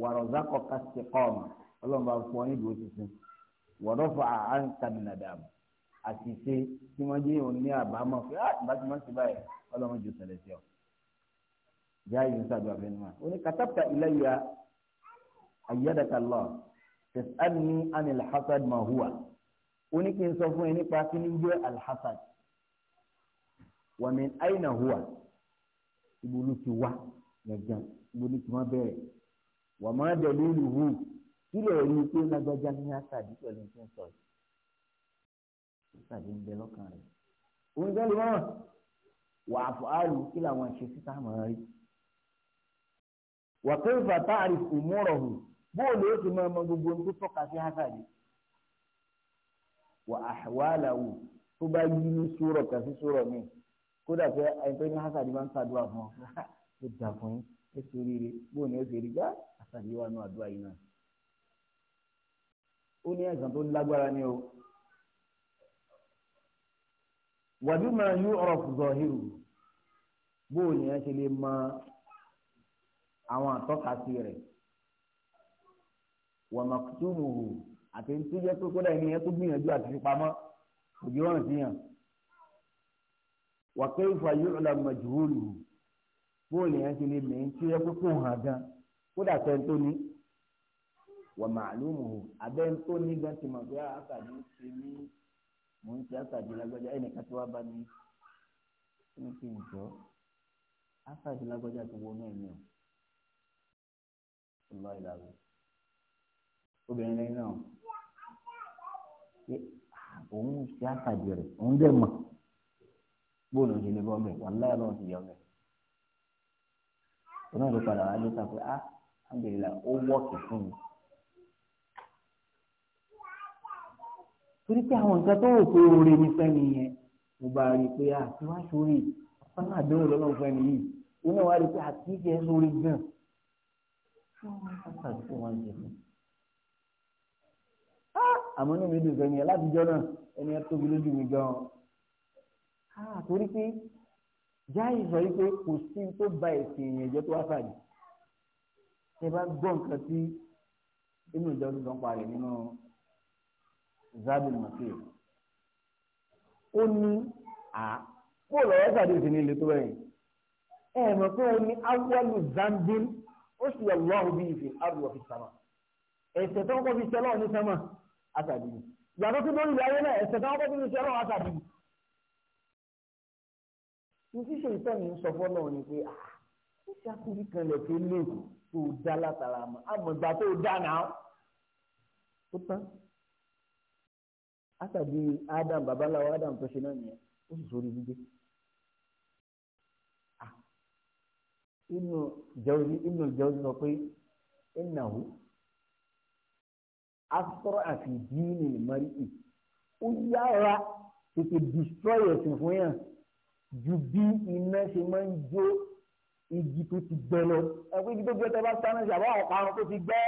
wàrọ̀zákọ̀ kásìkọ́ọ̀mù ọlọ́mọba fún ọ nídìí òtítù wọ̀dọ́fà àǹkàmìnàdàm àṣìṣe tí wọ́n jẹ́ òní àbámọ̀ pé á ah, ìbá tí wọ́n ti báyìí ọlọ́mọdé òtẹ̀lẹ̀ sí ọ. jáàyè ń sàdúrà bẹ́ẹ̀ nìyà ó ní katabta ilayya ayyadaka Allah tẹ̀sán hasad mahuwa ó ní kí n sọ fún ẹ nípa kí ní jẹ́ alhassad wàmí aina huwa ibo ló ti wá gangan ibo ló ti wá bẹ̀rẹ̀ wàmọ́ dẹ̀lú ìlú hù kí lè rí i pé lágbájá ní àtàdé pẹ̀lú ní sẹ́ńsọ̀ yìí sàdé ń bẹ lọ́kàn rẹ̀ òun jẹ́ lè mọ́ wà fàálù kí làwọn ṣe síta mọ̀ rí wà kí n fà tá mọ́rọ̀ hù bóòlù ó ti mọ gbogbo ohun tó tọ́ka sí àtàdé wà àwàlàwù tó bá yí ní sùúrọ̀ kan sí sùúrọ̀ míì kódà pé ẹni tó ní hasadi máa ń ṣàdúrà fún ọ ó dà fún yín ẹ sì oríire bóun ni ó sì rí gbá hasadi wà nù àdúrà yìí náà. ó ní ẹ̀sán tó lágbára ni o wàbí máa yú ọ̀rọ̀ fùzọ̀ hírù bóun ni ẹ ṣe lè mọ àwọn àtọ́kasí rẹ̀ wàmàkùtùmùhù àti tó jẹ́ pé kódà ẹni yẹn tó gbìyànjú àti fi pamọ́ òjò hàn sí yàn. wàkẹ́ ìfà yóò la màjúwòlù fóònù yẹn ti lè mìín tó yẹ kó kó hàn gan kódà tẹ́ ń tó ní wà màálùmù abẹ́ ń tó ní gan ti mọ̀ pé àṣàdé ah, ṣe mí mò ń ṣe àṣàdé lágbájá ẹnìkan tí wàá bá mi kí kí n jọ àṣàdé lágbájá ti wọnú ẹ̀mí o. Allah ilaha obìnrin lẹ́yìn náà pé ah, òun ṣe àtàjẹ rẹ̀ òun dẹ̀ mọ̀ bóòlù ṣe lè bọ́ mẹ́ wàláyà lọ́wọ́ ti yọ mẹ́. òun náà ló padà wá lóta pé á ah, àgbèrè ó wọ́ọ̀kì fún mi. torí pé àwọn nǹkan tó wò pé oore ní fẹ́mi yẹn mo bá rí i pé à ah, ti wá sórí wọn náà dẹ́rù lọ́wọ́ fẹ́mi yìí òun náà wá rí i pé àti ìjẹ́ sórí gan-an àmọ́ inú mi dùn fẹ́ mi ẹ̀ látijọ́ náà ẹni ẹ tóbi lójú mi gan-an torí pé jáì sọ yìí pé kò sí tó ba ẹ̀sìn èèyàn jẹ́ tó wá fàdí ẹ bá gbọ́ nǹkan tí inú ìjọ tó sọ ń parẹ́ nínú zabin masir ó ní à kó lọ́wọ́ sàdé sí ní ilé tó bẹ́ẹ̀ ẹ mọ̀ pé ó ní awọ́lù zambin ó sì yọ lọ́hùn bíi ìfẹ́ àrùwọ̀ fi sàmà ẹ̀sẹ̀ tó ń kọ́ fi sẹ́lọ̀ ní sàmà àtàbí ni ìyàtọ̀ tó lórí ilẹ̀ ayé náà ẹ̀sẹ̀ táwọn bá tóbi ṣe ọlọ́run àtàbí ni. Ibi ṣe ìtọ́ ni sọ fọ́ náà ni pé ah, ó ṣe akúrí kan lẹ̀ tó lè tó dá látara àmọ́ àmọ́ ìgbà tó dá náà ó tán. Àtàbí Adam babaláwo Adam tó ṣe náà nìyẹn ó sì sórí gbígbé. Ah, inú ìjọ ìjọ sọ pé ẹ̀ náà wò asọ́rọ̀ àfi díìnì mọ́rìkì ó yára tètè destroy ẹ̀sìn fún yàn ju bí iná ṣe máa ń jó igi tó ti gbẹ lọ ẹ̀kú igi tó gbẹ tẹ́ bá sáná ṣe àbáwọ̀ parun tó ti gbẹ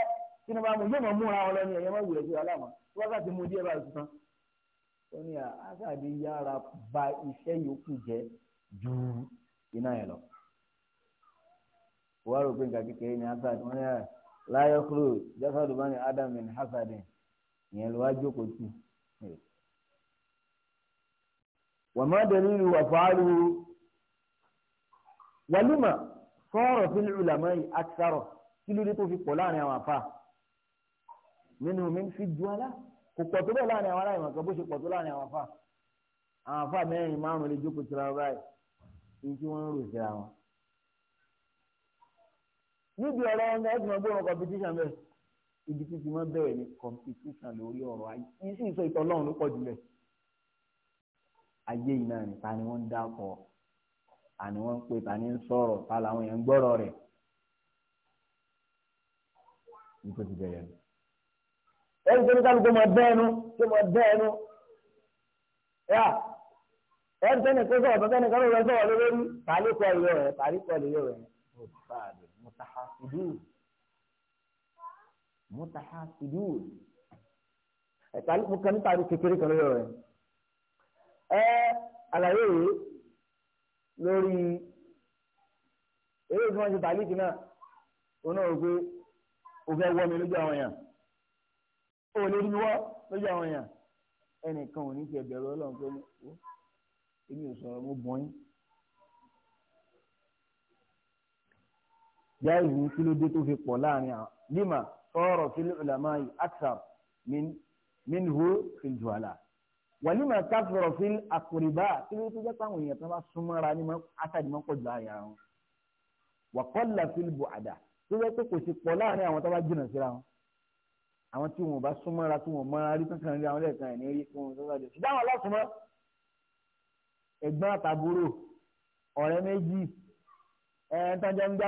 tí wọ́n bá mú yóò máa múra wọn lọ ní ẹ̀yẹ́ máa wùrẹ̀ sí aláàmọ́ tí wọ́n bá ti mú díẹ̀ báyìí tuntun. ó ní àṣàbí yára ba iṣẹ́ yòókù jẹ́ ju iná yẹn lọ. wọ́n á rò pé nǹkan kékeré ni àṣàbí wọ́n ní láyọ̀ kúrò jásàdù bá ní ádámù ní hasadin ìyẹn ló wá jókòó tì. wàmọ́ dẹ̀lílu wàfáàlù wàlímà sọ̀rọ̀ fún ìlànà yìí àtisárọ̀ kí ló dé tó fi pọ̀ láàrin àwọn àfa nínú mi fi ju ala kò pọ̀ tó bẹ́ẹ̀ láàrin àwọn aláìmọ̀ kan bó ṣe pọ̀ tó láàrin àwọn àfa àwọn àfa mẹ́rin márùn-ún lè jókòó tira báyìí ní wọ́n ń rò síra wọn níbi ọ̀rọ̀ ẹgbẹ̀rún ọgbọ̀n competition bẹ́ẹ̀ ibi títí máa bẹ̀rẹ̀ ní competition lórí ọ̀rọ̀ ayé yìí sì sọ ìtọ́ ọlọ́run ló pọ̀ jùlẹ̀ ayé yìí náà níta ni wọ́n ń dákọ̀ ta ni wọ́n ń pè ta ni ń sọ̀rọ̀ ta làwọn èèyàn ń gbọ́rọ̀ rẹ̀ nítorí ti bẹ̀rẹ̀ nù. ẹni tó ní kálukú máa bẹ́ ẹnu tó máa bẹ́ ẹnu yá ẹni tó ní kó sọ̀rọ̀ tó tẹ́ni kálukú sọ̀rọ̀ lórí tàlíkọ̀ mutahasidun mutahasidun ẹ̀ka mo kàn ń parí kékeré kan lórí ọ̀rọ̀ ẹ̀ ẹ́ àlàyé rèé lórí eré tí wọ́n ṣe tàlíkì náà òun náà rò pé o fẹ́ wọ́ mi lójú àwọn èèyàn o lè rí wọ́ lójú àwọn èèyàn ẹnìkan ò ní tiẹ̀ bẹ̀rù ọlọ́run pé èmi ò sọ̀rọ̀ mo bọ̀ yín. jáìbù kí ló dé tó fi pọ̀ láàrin àwọn lima sọ̀rọ̀ fil ulama'i akthar minhu fil juhala wàlímà káfíọ̀rọ̀ fil àkùrìbá kí ló tó jẹ́ pé àwọn èèyàn tó bá súnmọ́ra ní ásàdì máa ń pọ̀ jù láàrin àwọn wàkọ́là fil bu'ada tó jẹ́ pé kò sí pọ̀ láàrin àwọn tó bá jìnnà síra wọn àwọn tí wọn bá súnmọ́ra tí wọn máa rí kankan rí àwọn lẹ́ẹ̀kan ẹ̀ ní rí fún wọn sọ́sọ́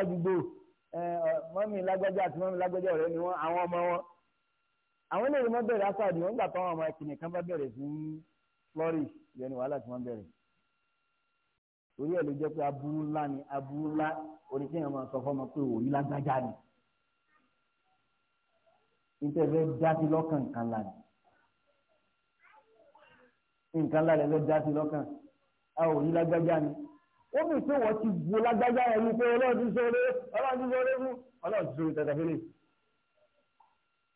ṣùgbọ́n àwọn mọ́mí lágbájá àti mọ́mí lágbájá ọ̀rẹ́ ni wọ́n àwọn ọmọ wọn àwọn eléyìí mọ́ bẹ̀rẹ̀ asáàdì wọn gbà táwọn ọmọ ẹkìnì kan bá bẹ̀rẹ̀ sí flourish yẹn ni wàhálà tí wọ́n bẹ̀rẹ̀ torí ẹ̀ ló jẹ́ pé aburú ńlá ni aburú ńlá oníṣẹ́yìn máa sọ fọ́mọ pé òòrí lágbájá ni nítorí dási lọ́kàn nǹkan ńlá ni nǹkan ńlá rẹ̀ ló dási lọ́kàn a òòrí lágbájá ni ó bì pé wọ́n ti gbó lágbájá rẹ̀ ní pé ọlọ́run ti sọ̀rọ̀ ọlọ́run ti sọ̀rọ̀ fún ọlọ́run ti sọ̀rọ̀ tẹ̀tẹ̀fẹ́lẹ̀.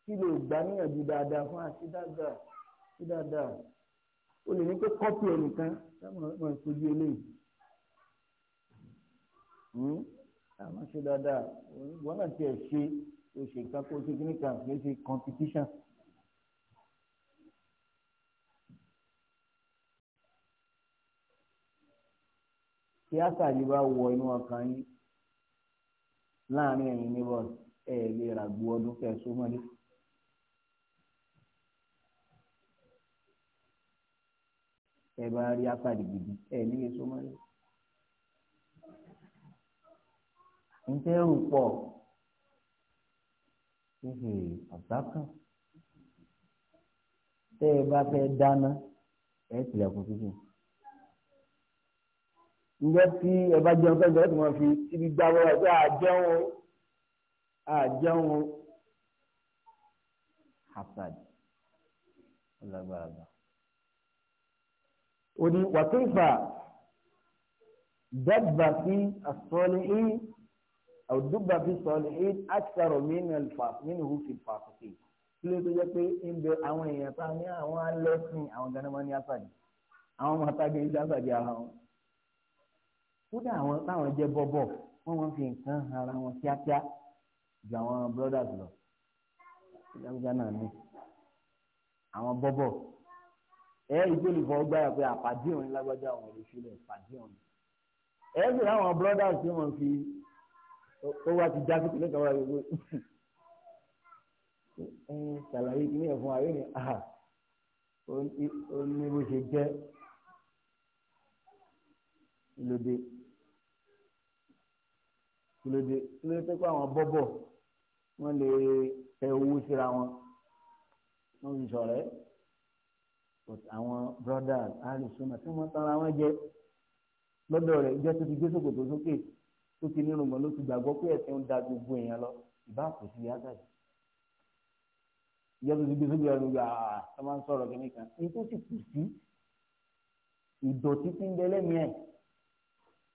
kí ló gbà níyànjú dáadáa fún àti dáadáa sí dáadáa ó lè ní pé kọ́pì ẹnìkan sáwọn ìfojú eléyìí. àmọ́ hmm? ṣe dáadáa wọ́n náà tiẹ̀ ṣe oṣù kan kó ṣe kíníkan kì í ṣe competition. tí àṣàlì bá wọ inú ọkàn yín láàrin ẹ̀yin níbọ̀ ẹ lè rà gbu ọdún kẹsùn mọ́lé. ẹ bá rí àṣàlì gidi ẹ ní èso mọ́lé. ǹjẹ́ ẹrù pọ̀ ọ̀sá kan tẹ́ ẹ bá fẹ́ dáná ẹ tilẹ̀kùn tuntun ǹjẹ́ tí ẹ bá jẹun tó ń jẹ́ ẹ tó máa fi ibi gbá wọ́rọ̀ pé àjẹun o àjẹun o hasad ọlọ́gbàgbà. ó ní wàkíńfà dábà fi as-salihin aw dubba fi as-salihin akthar minhu fi al-fasiqin kí ló tó jẹ́ pé ń bẹ àwọn èèyàn tá a ní àwọn alẹ́sìn àwọn ganamọ́ ní asàdì àwọn ọmọ àtàgé ń dá asàdì kódà àwọn táwọn jẹ bọbọ wọn wọn fi nǹkan han ara wọn kíákíá ju àwọn brothers lọ ìdáwùjá náà ní àwọn bọbọ ẹ ìjọlùfọ gbára pé àpàdé òun lágbájá òun ò lè filẹ àpàdé òun ẹ sì láwọn brothers tí wọn fi ó wá ti já sí kílẹ̀ kan wá gbogbo ẹ ṣàlàyé kí ni ẹ fún wa yóò ní àhà ó ní bó ṣe jẹ́ lóde kílódé kílódé pé àwọn bọ́bọ̀ wọ́n lè tẹ owó síra wọn wọ́n fi sọ̀rẹ́ àwọn brothers alùsùnà tí wọ́n tanra wọn jẹ lọ́dọ̀ rẹ̀ ìjọ tó ti gbé sòkòtò sókè tó ti nínú mọ́ ló ti gbàgbọ́ pé ẹ̀sìn ń da gbogbo èèyàn lọ ìbá kò sí yàtàdì ìjọ tó ti gbé sókè ọdún gbà á ah, máa ń sọ̀rọ̀ kìíní kan ní tó sì kù sí ìdọ̀tí tí ń bẹ lẹ́mìí ẹ̀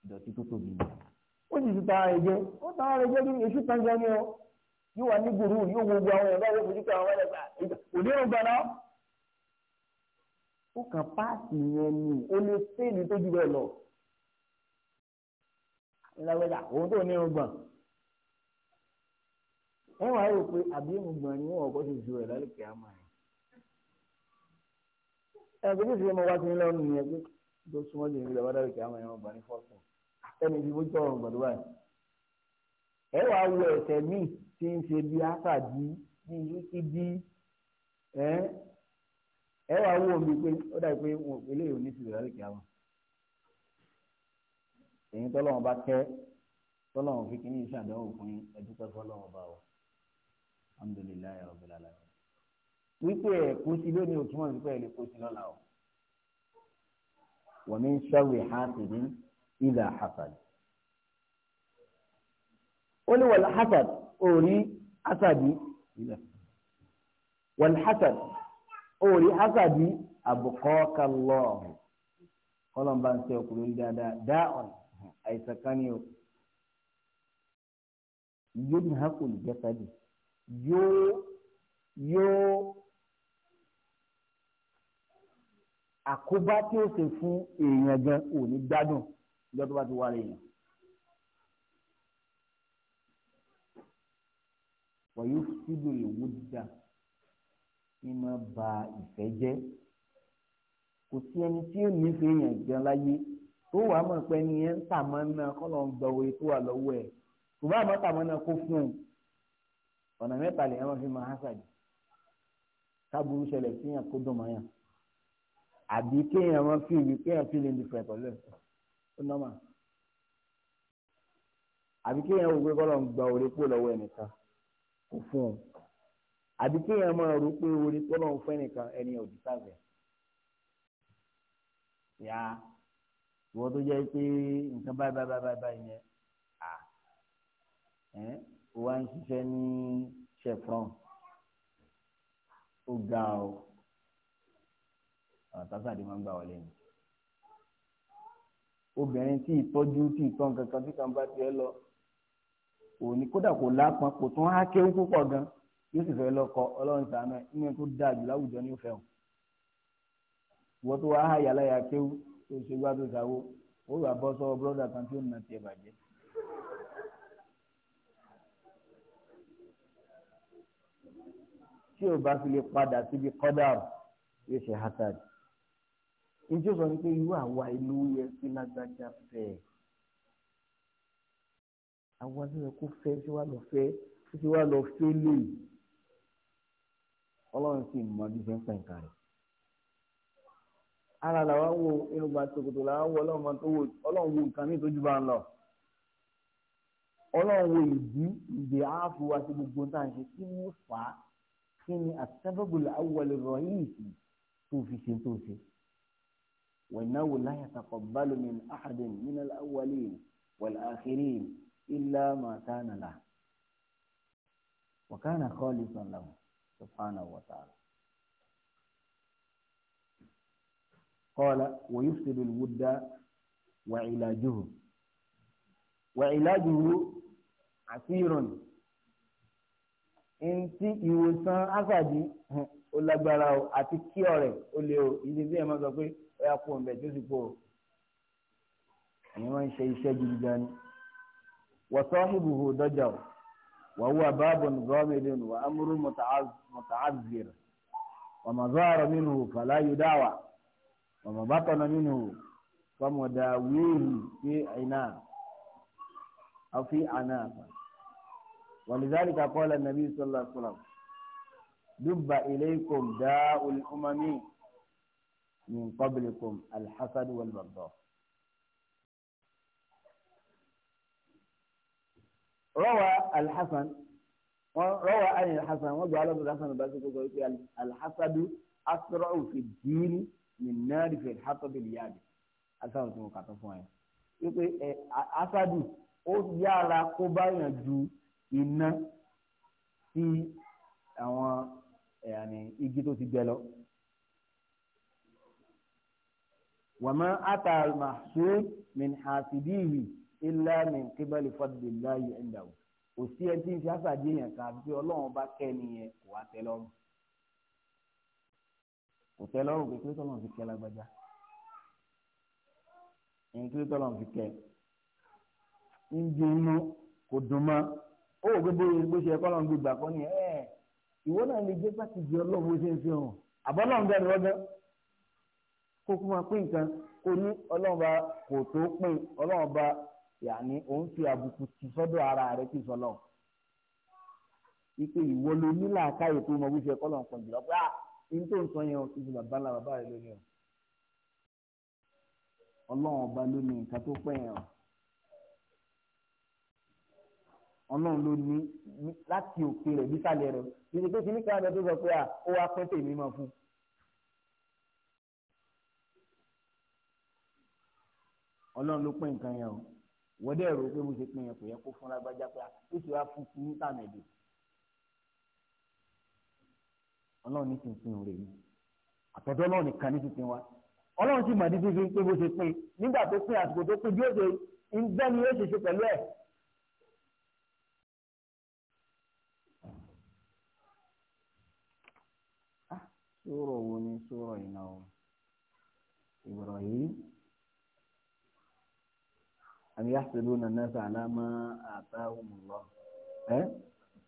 ìdọ̀tí tó tóbi nìyẹn ó sì ti ta ara rẹ̀ jẹ́ ó ta ara rẹ̀ jẹ́ lórí èṣù kan jẹ́ ni ọ yóò wà ní gbòòrò yóò gbogbo àwọn ẹ̀ báyìí fojú kan àwọn gbà òní ò gbà náà. ó kàn páàsì yẹn ni ó lè fẹ́ẹ̀lì tó jù bẹ́ẹ̀ lọ. ìlàwẹ̀dà òun tó ní irùngbọ̀n. ẹ wàá rò pé àbí irùngbọ̀n ni wọn kọ́ sí ju rẹ̀ lálùkẹ́ àmọ́ ẹ̀. ẹ̀ kò tí ì fi wá sí ilé ọ̀run yẹn pé tó súnmọ́ jù ní ìlú ọ̀dọ́ ẹni ìdìbò sọ̀rọ̀ gbọ̀dọ̀ báyìí. ẹ wàá wo ẹ̀sẹ̀ míì tí ń ṣe bí àṣàdí bí yíkí dí ẹ ẹ wàá wo omi pé ó dàbí pé eléyìí ò ní ti rẹ̀ lẹ́kẹ̀ẹ́ àwọn. èyí tọ́lọ́wọ́n bá tẹ́ tọ́lọ́wọ́n fi kíní iṣẹ́ àdánwò fún ẹdúpẹ́ fọ́lọ́wọ́n bá wọ alhamdulilayi rabbil wípé ẹ kó sí lónìí òtún wọn wípé ẹ lè kó sí lọ́la o wọ́n mi ń ṣàwé hàn sí ìlà hasad ó ní wàlá hasad ó rí hasadi wàlá hasad ó rí hasadi àbùkọ́ka lọ́ọ̀hún kọ́lọ́n bá ń sẹ́ ọkùnrin dáadáa dáhùn àìsàn kan ní o yóò ní hakùn jẹ́sàdì yóò yóò àkóbá tí ó ṣe fún èèyàn gan òní gbádùn lọ́dọ̀ bá ti wà lẹ́yìn. wọ̀nyí fídíò ìwú dídá ní máa ba ìfẹ́ jẹ́ kò sí ẹni tí ó nífẹ̀ẹ́ èèyàn jẹun láyé tó wàá mọ̀ pé ẹni yẹn ń tàmọ́ náà kọ́ ló ń gbọ́ orí tó wà lọ́wọ́ ẹ̀ kò bá àmọ́ tàmọ́ náà kó fún un ọ̀nà mẹ́ta lè wọ́n fi máa hásàdì káàbùrú ṣẹlẹ̀ síyàn kó dùn mọ́yàn àbí kéèyàn wọn fi ìwé kéèyàn fi lè nífẹ̀ẹ́ pẹ̀lú ẹ̀ ó nọ́mà àbí kéèyàn wò pé kọ́lọ̀ ń gba orí pò lọ́wọ́ ẹnìkan kò fún un àbí kéèyàn máa rò pé orí kọ́lọ̀ ń fún ẹnìkan ẹni òdì sáfẹ́ yá ìwọ tó jẹ́ pé nǹkan báyìí báyìí báyìí yẹn à ẹ́ wá ń ṣiṣẹ́ ní chevron ó ga ọ àwọn tásàdé máa ń gbà wọlé ni obìnrin tí ìtọ́jú tí ìtọ́ nǹkan kan tí kan bá tiẹ̀ lọ òní kódà kò lápọn kò tún á kéwú púpọ̀ gan yóò sì fẹ́ lọ́kọ ọlọ́run sàánú ẹ̀ nínú tó dáa jù láwùjọ ní òfẹ́ o wọ́n tó wá háyà láyà kéwú tó ṣe gbádùn ìsàwó ó wà bọ́ sọ́wọ́ bọ́dà kan tí ó nà tiẹ̀ bàjẹ́. tí o bá fi lè padà síbi kọ́dà yóò ṣe hasad njẹ́ sọ ni pé irú àwa ìlú yẹ kí lágbájá fẹ́ ẹ̀ àwa ló yẹ kó fẹ́ sí wa lọ fẹ́ sí wa lọ fẹ́ lè ọlọ́run sì mọ bí fẹ́ ń pẹ̀ǹkà rẹ̀ ara làwa wo inú ba tòkòtò làwa wo ọlọ́run tó wo ọlọ́run wo nǹkan míì tó jù bá ń lọ ọlọ́run wo ìdí ìdè ààfù wa sí gbogbo tá à ń ṣe kí ni ó fà á kí ni àtẹ́bọ̀gbọ̀lá awọlẹ̀ rọ̀ yìí tó fi ṣe tó ṣe. وإنه لا يتقبل من أحد من الأولين والآخرين إلا ما كان له وكان خالصا له سبحانه وتعالى قال ويفسد الود وعلاجه وعلاجه عسير ń tí ìwòsàn áfàdí ó lágbára o àti kí ọ̀rẹ́ ó lè o ó yà kó nbẹ tó sì kó o ẹ̀yin wọn ń ṣe iṣẹ́ gidi gan ni wọ́tọ́ ìbùhù dọ́jà o wà wúwa báàbò gọ́ọ̀mẹ̀dìn wà ámúrú mùtàázìr wà mà zọ́ọ̀rọ̀ nínú fàlà yìí dáwà wà mà bàtọ̀nà nínú fọmọdà wíìlì sí àyínà àfi àná ولذلك قال النبي صلى الله عليه وسلم دب إليكم داء الأمم min qablikum alḥasad walbaghdọ. rọwà alḥasan rọwà ayé alḥasan wọn gba alábùdó hasan al-Basri kókó wípé alḥasadu asra'u fi diini min naari fi hatabi liyaadi asadu tó kàtó fún ẹ wípé ẹ asadu ó yára kó báyàn ju iná sí àwọn ẹ̀ àní igi tó ti gbẹ lọ. wàmọ́ àtàlmà ṣe min hasidihi ilá min kíbálì fadlillahi ẹ̀ńdàwó kò sí ẹni tí ń fi àṣàdé yẹn kà bí ọlọ́run bá kẹ́ ni yẹn kò wá tẹ́ lọ́rùn kò tẹ́ lọ́rùn pé kírísítọ́ lọ́run fi kẹ́ lágbájá ẹni kírísítọ́ lọ́run fi kẹ́ ń di inú kò dùn mọ́ ó wò gbogbo bó ṣe ẹ̀kọ́ lọ́run gbé gbà kọ́ ni ẹ̀ ìwọ náà lè gbé pàtìjì ọlọ́run bó ṣe ń fi hàn àbọ́lọ́run bẹ́ẹ̀ ni wọ́n bẹ́ẹ̀ kó fún wa pín nǹkan kó ní ọlọ́run bá kò tó pín ọlọ́run bá yàní òun fi àbùkù tì sọ́dọ̀ ara rẹ̀ kì í sọlọ́ ipe ìwọ ló ní làákàyè tó mọ bó ṣe kọ́ lọ́n pọ̀ jùlọ pé à ah, ní tó ń sọ yẹn o ìṣe bàbá ńlá bàbá rẹ lónìí o ọlọ́run ọba ló ní nǹkan tó pẹ́ yẹn o ọlọ́run ló ní láti òkè rẹ̀ nísàlẹ̀ rẹ̀ ìdíkẹ́ kìíní kan bẹ tó sọ pé à ah, ó wá pẹ́ tèmi mọ́ fún un. ọlọ́run ló pín nǹkan yẹn o wọ́n dẹ̀ rò pé mo ṣe pín yẹn kò yẹ kó fún lágbájá pé ó ti wá fún ti ní tàmẹ̀dù ọlọ́run ní tuntun rẹ̀ ni àtọ́jọ́ ọlọ́run nìkan ní tuntun wa ọlọ́run sì mọ̀ dídí pé bó ṣe pín nígbà tó pín àsìkò tó pín bí ó ṣe ń bẹ́ ni yóò ṣe ṣe pẹ̀lú ẹ̀. Ah, sọ̀rọ̀ wo ni sọ̀rọ̀ ìnáwó Ibrahim. أم يحسدون الناس على ما آتاهم الله إيه؟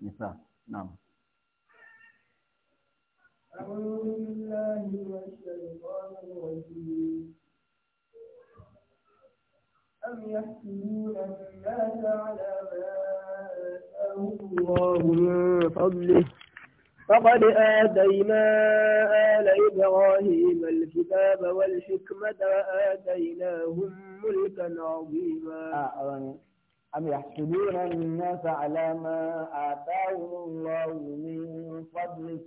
نساء نعم أعوذ بالله من الشيطان الرجيم أم يحسدون الناس على ما آتاهم الله من فضله فقد آتينا آل إبراهيم الكتاب والحكمة وآتيناهم ملكا عظيما أم يحسدون الناس على ما آتاهم الله من فضله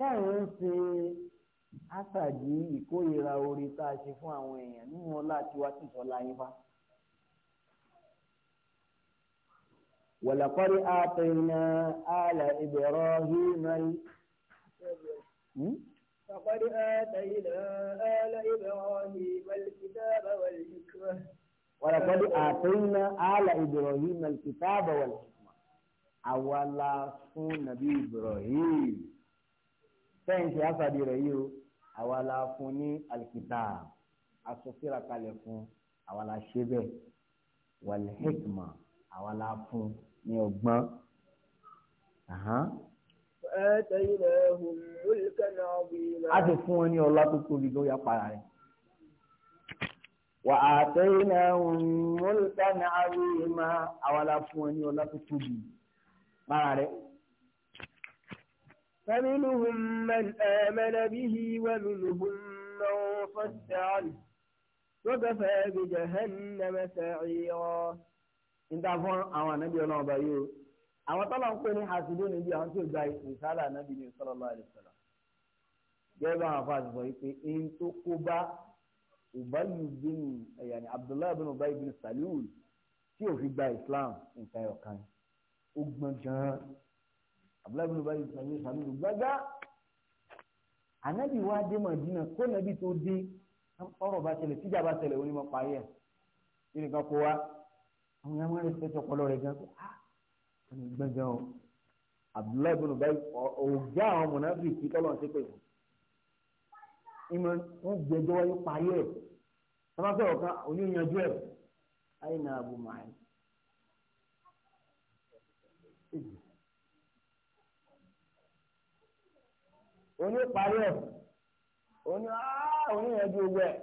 fẹ́ǹsì àṣàjì يكوي orí tá a ṣe fún àwọn èèyàn nínú ọlá tiwa tìṣọ́lá ولقد آتينا آل إبراهيم لقد آتينا آل إبراهيم الكتاب والحكمة ولقد آتينا آل إبراهيم الكتاب والحكمة أولا فون نبي إبراهيم fẹ́ǹsì àfàdé rẹ̀ yìí o àwa la fún ní alkitab asòfin àkàlẹ̀ fún àwa ní ọgbọ́n. a ti fún wọn ní ọlá tó tóbi gan ya para rẹ̀. wà á tẹ́yìn náà فمنهم من آمن به ومنهم من صد عنه وكفى بجهنم سعيرا níta fún àwọn ànábì ọlọ́run ọba yìí o àwọn tọ́lọ̀ ń pè ní àtúndó níbi àwọn tí ò gba ìsálà ànábì ní sallallahu alaihi wasallam gẹ́gẹ́ bá àwọn afáàsì sọ wípé eyín tó kó bá Ubayy bin ẹ̀yàn Abdullahi bin Ubayy bin Salul tí ò fi gba Islam nǹkan ọ̀kan ó gbọ́n gan-an Abdullahi bin Ubayy bin Salul Salul gbágbá ànábì wa dé Mọ̀dínà kó nàbì tó dé ọ̀rọ̀ bá tẹ̀lẹ̀ tíjà bá tẹ̀lẹ̀ onímọ̀ parí ẹ̀ kí wa àwọn yẹn wọ́n respect ọpọlọ rẹ̀ gan ah, ẹni gbẹ̀ngàn o abdullahi bin ubay ọ̀gá àwọn mọ̀nàbí kí tọ́lọ̀ ṣe pé ìmọ̀ wọn gbẹjọ́ wáyé parí ẹ̀ sábà sọ̀rọ̀ kan oníyanjú ẹ̀ ayé na abu mahi oní parí ẹ̀ oní oníyanjú ah, ẹ̀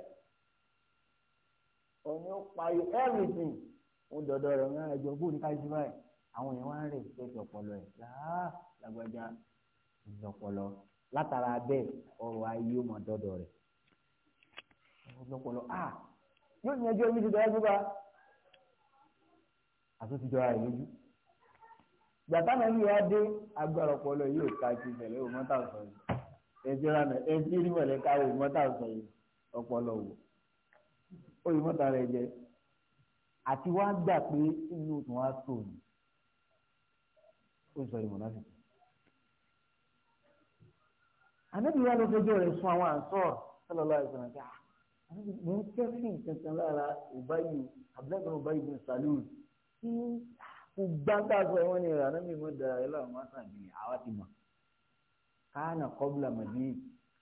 oní parí everything ó dọdọ rẹ wọn ẹjọ bó ní káyọ síbáyìí àwọn èèyàn wọn rè ṣèṣe ọpọlọ ẹ láà lágbájá ìṣọpọlọ látara bẹ́ẹ̀ ọ̀rọ̀ ayé ó mọ dọdọ rẹ ọpọlọ a yóò ní ẹjọ mi ti dọwọ síbá àtúntì jọra rẹ lójú gbàtà náà yóò wá dé agbára ọpọlọ yóò ká ti tẹ́lẹ̀ òun mọta sọ yìí ẹjọ rà mẹ ẹjọ rí mọlẹ ká òun mọta sọ yìí ọpọlọ wò ó mọta rẹ jẹ àti wá gbà pé inú tó wá tó ni ó sọ ìmọ̀ láti. ànábì wa ló fojú rẹ̀ sun àwọn àǹsọ́ọ̀ sallallahu alaihi wasallam ah, mo ń kẹ́sìn kankan lára Ubayy abdulayi Ubayy bin Salul tí kò gbá tá a wọn ni ànábì mo da ẹ lọ́wọ́ máa sàn ní àwa ti mọ̀ kánà kọ́bùlà màdí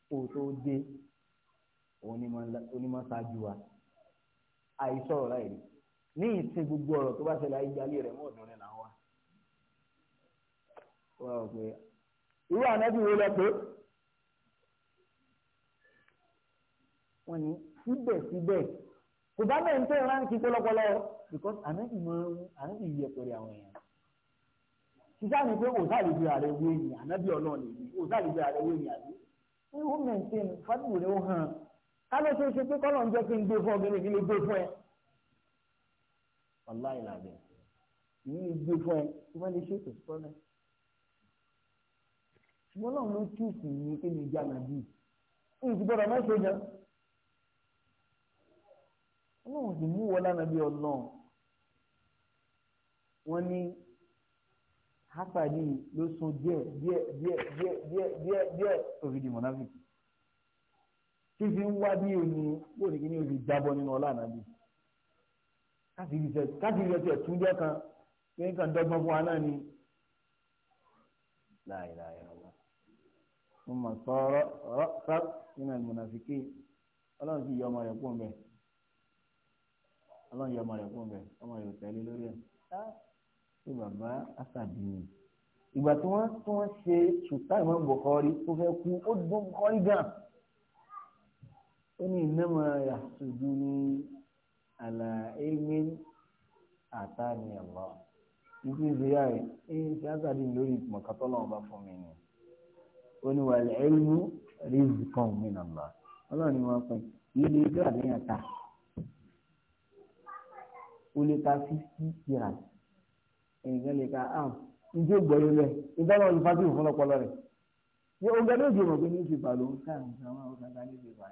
kó tó dé onímọ̀ ṣáájú wa àìsọ̀rọ̀ láì rí ní ìsìn gbogbo ọ̀rọ̀ tó bá ṣẹlẹ̀ ayélujára rẹ̀ mọ́ ọ̀dọ́rin là ń wá. wọ́n rò pé irú ànábì wo lọ pé wọ́n ní síbẹ̀síbẹ̀ kò bá bẹ́ẹ̀ ń tẹ́ ránkì pọ́lọ́pọ́lọ́ because ànábì mọ ànábì yẹ pẹ̀lẹ́ àwọn èèyàn. sísá ni pé òòsà lè fi ààrẹ wé ni ànábì ọlọ́run lè fi òòsà lè ààrẹ wé ni àbí. ó mẹ̀ntẹ́n fásitì rẹ̀ ó hàn ká ló ṣe é ṣe pé kọ́lọ̀ wàláì làbẹ ìyẹn lè gbé fún ẹ tí wọn lè ṣe ètò sọlẹ ṣùgbọ́n náà ló tú sí ní kéde ìjà nàbí ó sì gbọ́dọ̀ má ṣe gan Ọlọ́run sì mú wọlé nàbí Ọlọ́run wọn ní hápàdé ló sún díẹ̀ díẹ̀ díẹ̀ díẹ̀ díẹ̀ díẹ̀ díẹ̀ tó fi di mọnàfíì tí fi ń wá bí òní kó ní kí ni o fi jábọ́ nínú ọlá nàbí káàdì ìrẹsì ẹ̀túnjọ́ kan pé nǹkan dọ́gbọ́n fún wa náà ni. láìláì ọ̀la mo mọ̀ sọ̀rọ̀ rọ́ṣà nínú ìmùnàfíkì ọlọ́run sì yọ ọmọ rẹ̀ kú ọ̀bẹ ọlọ́run yọ ọmọ rẹ̀ kú ọ̀bẹ ọmọ rẹ̀ ò tẹ̀lé lórí ẹ̀ ṣé bàbá àṣàbí ni. ìgbà tí wọ́n tí wọ́n ṣe ṣùtá ìmọ̀ bọ̀kọ́rí tó fẹ́ kú ó dún bọ̀kọ́rí gan-an ó ní ìnáwó yà ṣojú ní àlà ẹ̀mí àtàní ọ̀lọ́ ibi ìṣèyá rẹ̀ ẹ̀yìn tí a sàdí lórí ìmọ̀kátọ́ náà bá fún mi ni ó ní wàlẹ̀ ẹ̀mí rízì kan mi nà lọ ọlọ́run ni wọ́n pín yìí ní ìjọ àdéhùn ta ó lè ka fifty years ẹ̀yìn kan lè ka am ah, njẹ́ gbọ́dọ̀ lẹ̀ ìdáná olùfàtí òfin ọpọlọ ní ọgbà méjì mọ̀ pé ní ti bà ló nǹkan wọn ó kàkà ní ti bà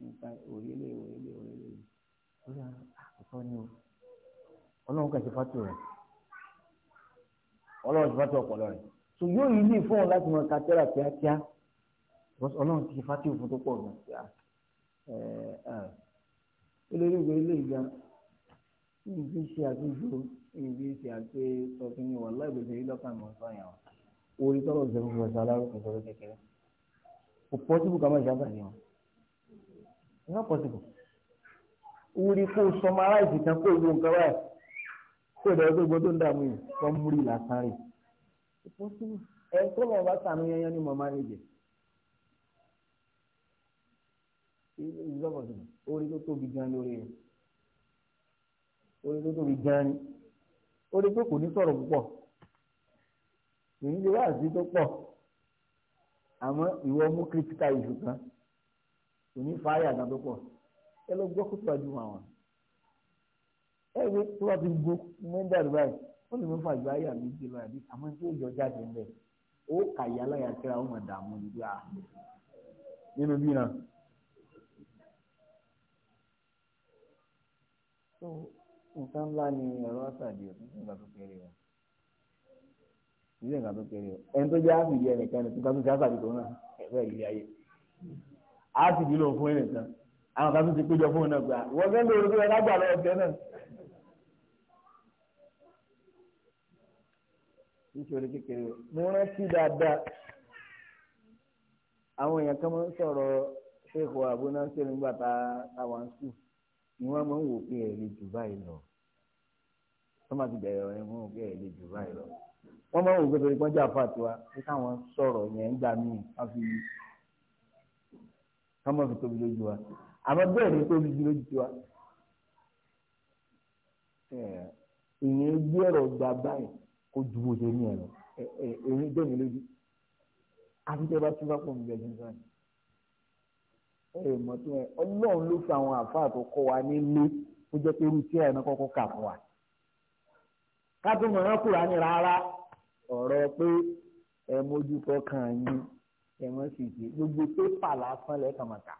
nípa òrìlè òrìlè òrìlè yìí lórí àkókò ah, ni o ọlọ́run kẹsì fatu rẹ̀ ọlọ́run kẹsì fatu ọpọlọ rẹ̀ so yóò yí ní fóun láti mọ kátẹ́rà kíákíá ọlọ́run ti fatu fún tó pọ̀ gan kíá ẹ ẹ olórí ìwé ilé ìgbà níbi ṣe àtúnṣe níbi ṣe àti sọfún ní wàhálà ìgbésẹ̀ yìí lọ́kàn mọ́ sọ́yàn orí tọ́lọ̀ ṣe fún ọ̀sán alárùkù sọ̀rọ̀ kékeré o pọ́sibù ká má ṣe àbàlẹ̀ wọn not wúri kó sọmaráìsì kan kó lu nǹkan báyìí kó dẹ̀ ẹ́ gbogbo tó ń dààmú yìí wọ́n múri lásán rè ẹ tó lọ́wọ́ bá sànú yẹn ní màmá rẹ̀ jẹ́ ìzọ́bọ̀sọ̀ orí tó tóbi gan lórí rẹ̀ orí tó tóbi gan ni orí pé kò ní sọ̀rọ̀ púpọ̀ èyí lè wá sí tó pọ̀ àmọ́ ìwọ mú kírísítà ìṣù kan kò ní fáyà kan tó pọ̀ ẹ lọ gbọ́ kótó àjùmọ̀ àwọn ẹ wí tó bá ti gbó mẹ́ńdà rẹ̀ báyìí wọ́n lè mẹ́fà gba ayé àmì ìdílé àbí àmọ́ tí ó jọ jáde ńlẹ̀ ó kà yà láyà kíra ó mọ̀ dààmú níbi à nínú bí náà. tó nǹkan ńlá ni ẹ̀rọ àtàdé ò nígbà nǹkan tó kéré o nígbà nǹkan tó kéré o ẹni tó jẹ́ àfìdí ẹnìkan ẹni tó ń ká tó tó náà ẹ̀fẹ́ ìlé ayé àfìdí lòun fún ẹnìkan àwọn kan tó ti péjọ fóun náà gbà wọ́n fẹ́ lórí bí wọ́n lágbà lọ́wọ́ tẹ náà. nítorí kékeré mo rántí dáadáa àwọn èèyàn kan máa ń sọ̀rọ̀ ṣéèkù àbúnáṣe nígbà tá a wà ń sùn ni wọ́n máa ń wò pé ẹ̀ lè jù báyìí lọ wọ́n máa ti bẹ̀rẹ̀ ọ̀rẹ́ wọn ò pé ẹ̀ lè jù báyìí lọ wọ́n máa ń wò pé torí pọ́njá fàtiwa pé káwọn sọ̀rọ̀ yẹn ń gbà míì ká fi fi tóbi lójú wa àmọ́ bẹ́ẹ̀ ni tó gbígbí lójú tiwa. ìyẹn gbé ọ̀rọ̀ gba báyìí kó ju bó ṣe ní ẹ̀ lọ èyí bẹ́ẹ̀ ni lójú. àfi tẹ́ bá tún bá pọ̀ nígbà jẹun sáà ẹ mọ̀ tó ẹ ọlọ́run ló fi àwọn àfáà tó kọ́ wa nílé kó jẹ́ pé irú tí ẹ̀ náà kọ́kọ́ kà fún wa. ká tó mọ̀ ẹ́ kúrò á ní rárá ọ̀rọ̀ pé ẹ mójútó kan yín ẹ mọ̀ sí ti gbogbo pépà lásán lẹ́ẹ̀kan mọ̀ta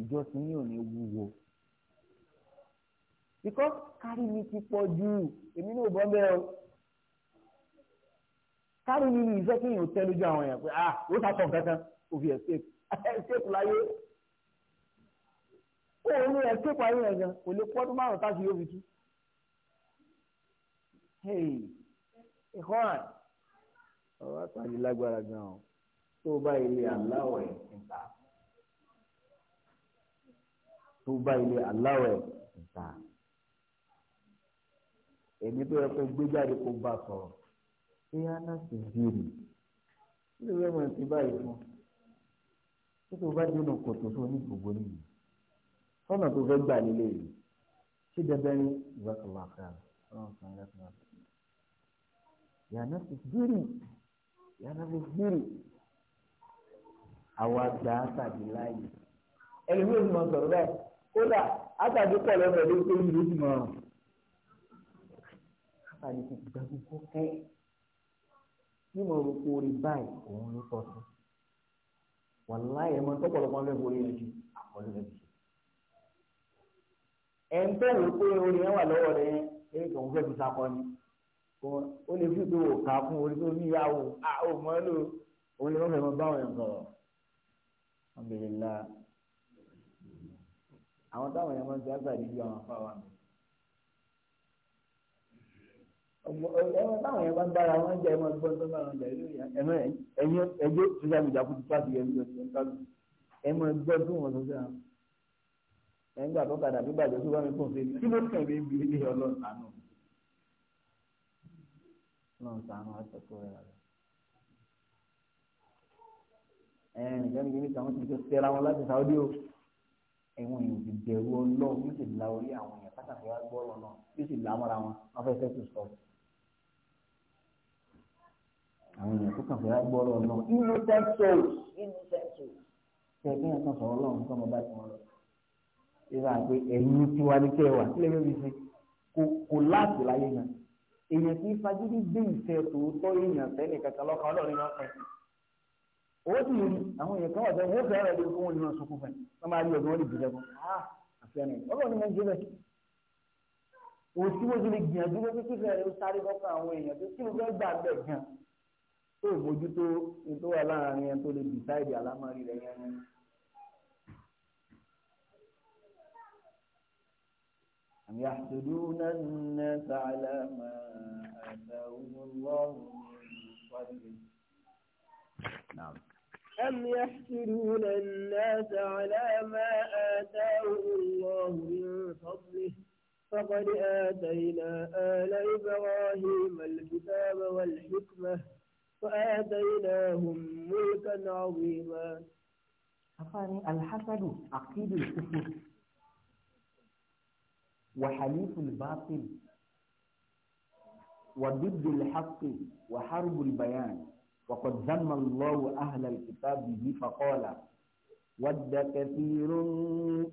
ìjọsìn yìí ò ní wúwo because kárí mi ti pọ̀ jù èmi náà bọ́ bẹ́ẹ̀ o kárí mi ni ìfẹ́ kéèyàn tẹ́lú ju àwọn èèyàn pé ah ó sàtọ̀ kankan kò fi escape escape láyé ó ní escape ayé yẹn gan kò lè pọ́dún márùn táàkì yóò fi tú hey ìkọ́ra ọ̀rọ̀ àtàlí lágbára gan-an tó bá ilé aláwọ̀ ẹ̀ ń ta tó bá ilé aláwẹ̀ ìta èmi tó yẹ kó gbé jáde kó bá sọ̀rọ̀ ṣé hánà sì jìrì nínú ìwé ìmọ̀ ìsìn báyìí fún ṣé tó bá dénú kòtò tó ní gbogbo nìyí sọ́nà tó fẹ́ gbà nílé yìí ṣé dandan ní ìwà kan wà fún un yàrá sì jìrì yàrá sì jìrì àwa gbà á tàbí láàyè ẹlòmíràn ti máa sọ̀rọ̀ báyìí kódà átàdé pọ̀ lọ́nà ló tó yìí ló ti mọ̀ ọ́n. átàdé ti gbàgbé kókẹ́ ní mo rò kó rí báyìí òun ló sọ sí. wàláyé ẹ̀ mọ́ tọ́pọ̀lọpọ̀ ń fẹ́ borí yẹn ju àkọlù rẹ̀ bì. ẹ̀ ń tẹ̀wé pé orí yẹn wà lọ́wọ́ rẹ̀ yẹn kò ń fẹ́ fi sakọ ni. ó lè fi ìdòwò kà fún orí tó ní ìyàwó àwọn ọmọ ẹ̀ lò òun lè má fẹ́ mọ báwọn ẹ̀ sọ̀rọ̀. alhamdulillah àwọn táwọn èèyàn máa ń ti àgbàdì bí àwọn afá wa mi. ẹ̀wọ̀n táwọn èèyàn bá ń bára wọn jẹ́ ẹ̀wọ̀n gbọ́n tó bára wọn jẹ́ ẹ̀yọ́ ẹ̀yọ́ ẹ̀yọ́ sọ́jà mi jà kútu pàṣẹ yẹn lọ sí ọ̀tàlù ẹ̀wọ̀n gbọ́n tó wọn sọ́jà ẹ̀ńgbà tó kàdà bí bàjẹ́ tó bá mi kùn sí kí ló kàn mí bí ilé ọlọ́run sànù ọlọ́run sànù àtọ́kọ́ rẹ̀ ẹ̀ẹ́n ìjọba ìgbìmọ̀ ìtàn wọn ti tẹ́ra wọn láti sáwọ́dí o ẹ̀wọ̀n yìí ti bẹ̀rù ọlọ́run yóò sì la orí àwọn èèyàn pàtàkì wá gbọ́ ọ̀rọ̀ náà yóò sì la mọ́ra wọn wọ́n fẹ́ fẹ́ẹ́ tó sọ. àwọn èèyàn tó kàn fẹ́ wá gbọ́ ọ̀rọ̀ náà innocent souls innocent souls tẹ̀ kí ẹ̀kan sọ̀rọ̀ ọlọ́run tó ọmọ bá ti wọn lọ. ìgbà pé ẹ̀yin tí wàá ní kẹ́ wà kílẹ̀ bẹ́ẹ̀ fi kò láàbù láyé yẹn èèyàn tí fagídí gbé ìfẹ́ tòótọ́ èèyàn tẹ́lẹ̀ kankan lọ́kàn ọlọ́run náà ó sì rí àwọn èèyàn kan wà sẹ́yìn wọ́n fẹ́ràn ẹ̀dùn fún wọn sunkún fún wọ́n máa rí ọ̀gbọ́n lè jìjẹ́ fún àfẹ́ràn ọlọ́run ní nàìjíríà òsì wọ́n ti gbìyànjú wọ́n fi kíkẹ́ ẹ̀ sáré kọ́kọ́ àwọn èèyàn tó kí ló fẹ́ gbà bẹ̀ gan tó mójútó ní tó wà láàrin ẹ̀ tó lè dìsáìdì àlámọ́rí rẹ̀ yẹn ni. يحسدون الناس على ما آتاهم الله من فضله نعم أم يحسدون الناس على ما آتاهم الله من فضله فقد آتينا آل إبراهيم الكتاب والحكمة وآتيناهم ملكا عظيما أخاني الحسد عقيد الكفر وحليف الباطل وضد الحق وحرب البيان وقد ذم الله أهل الكتاب به فقال ود كثير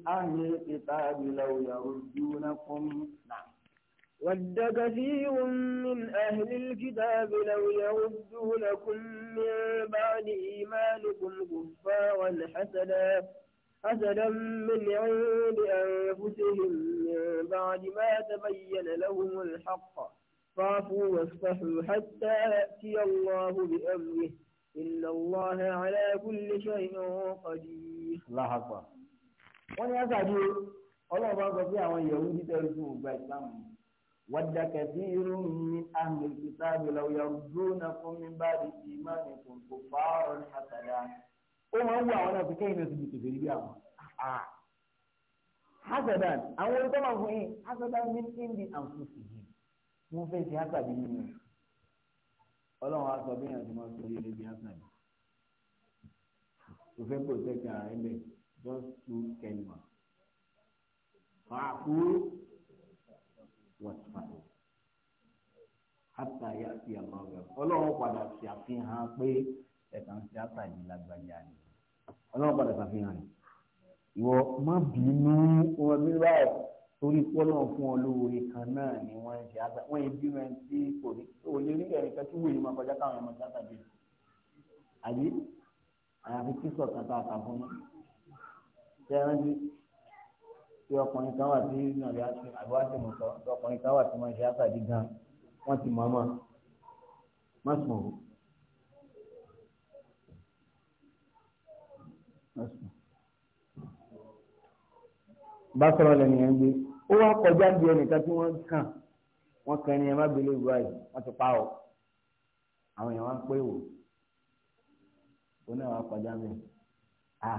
أهل الكتاب لو يردونكم نعم ود كثير من أهل الكتاب لو يردونكم من بعد إيمانكم كفارا حسدا حسدا من عند أنفسهم من بعد ما تبين لهم الحق فاعفوا واصفحوا حتى يأتي الله بأمره إن الله على كل شيء قدير الله أكبر wọ́n ní àtàdé ọlọ́run bá sọ pé àwọn yẹ̀wù ní tẹ̀sán ògbà ìsìlámù wadda kathirun min ahli alkitab law yardunakum min ba'di imanikum kuffaran hasada ó máa ń wọ àwọn náà fi kẹ́yìn náà ti di bí àwọn ah, ah. hasadan àwọn olùkọ́ máa ń fún yín hasadan min indi anfusihim mo fẹ́ ṣe àtàbí nínú ẹ̀ ọlọ́run á sọ bí èèyàn ti máa sọ yẹlẹ bí àtàbí o fẹ́ protect ara ẹ bẹ́ẹ̀ just two kẹ́lìmọ̀ fàákú wọ̀tìfàdé hátà yá sí àmọ́gà ọlọ́run padà ṣàfihàn pé ẹ̀ka ń ṣe àtàbí lágbàjá ni ọlọ́run padà ṣàfihàn rẹ̀ ìwọ má bínú ọmọ bínú báyìí torí pọ́lọ́ fún ọ lóore kan náà ni wọ́n ń ṣe àgbà wọ́n yìí bímọ ẹni tí kò ní ò lè rí ẹ̀rí kan tí wòye máa kọjá káwọn ọmọ tíátà bí àbí àyàfi tí sọ̀tà tá a kà fún yín ṣé ẹ rántí tí ọkùnrin kan wà tí nàbí àbúrásì mú sọ tí ọkùnrin kan wà tí wọ́n ṣe àtàdé gan wọ́n ti mọ̀ ọmọ má sùn o bá sọ̀rọ̀ lẹ́nu yẹn gbé ó wá kọjá ń di ẹnìkan tí wọ́n kàn wọ́n kàn ní ẹ má gbélé ìlú àyè wọ́n ti pa ọ́ àwọn èèyàn wá ń pé wò ó náà wá kọjá mi à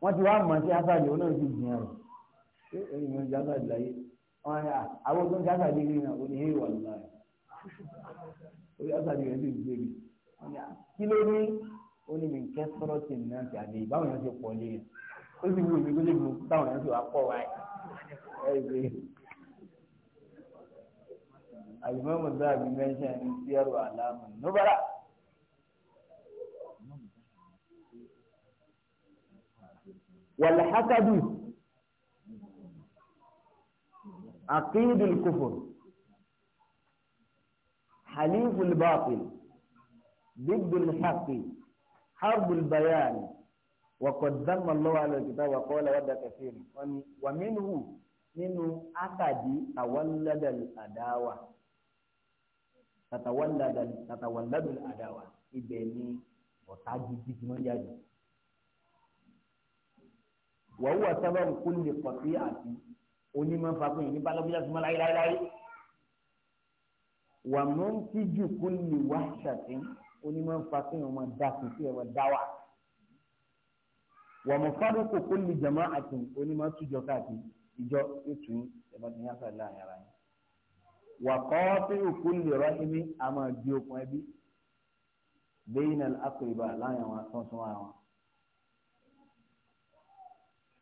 wọ́n ti wá mọ̀ sí asàdì ó náà ti jìyàn rẹ̀ ṣé èyí mi ń jẹ́ asàdì láyé wọ́n yà àwọn tó ń jẹ́ asàdì rí náà ó ní èyí wà lọ́la rẹ̀ ó yà asàdì rẹ̀ sì gbé mi wọ́n yà kí ló ní ó ní mi ń kẹ́ tì náà ti àdéhìí báwọn yẹn ti pọ̀ lé yẹn e. ó sì wù mí kó lè mú táwọn yẹn ti wà pọ̀ wáyé. الإمام الذهبي mentioned سير وأعلام النبلاء والحسد عقيد الكفر حليف الباطل ضد الحق حرب البيان وقد ذم الله على الكتاب وقال ود كثير ومنه nínú akadi tawaladal adawa tatawaladal tatawaladal adawa ibẹ̀ ni ọ̀tá gidi tí wọ́n jáde. wàá wà sábà kó lè pọ̀ sí àti onímọ̀ fakun yìí ní balabíyá súnmọ́ láyéláyé. wà mọ́ ń tíjú kó lè wá ṣàtìn onímọ̀ fakun yìí wọ́n dá kùsì ẹ̀ wọ́n dá wà. wà mọ́ fárúkù kó lè jàmọ́ àtìn onímọ̀ tújọ káàkiri ìjọ yóò tún ẹ̀bá ti yàn sáré láàrin ara yín. wà kọ́ sí òkú lè rọ́ ẹ̀mí a máa di okùn ẹbí lẹ́yìn náà akọ̀ìbà láàrin àwọn tuntun ara wọn.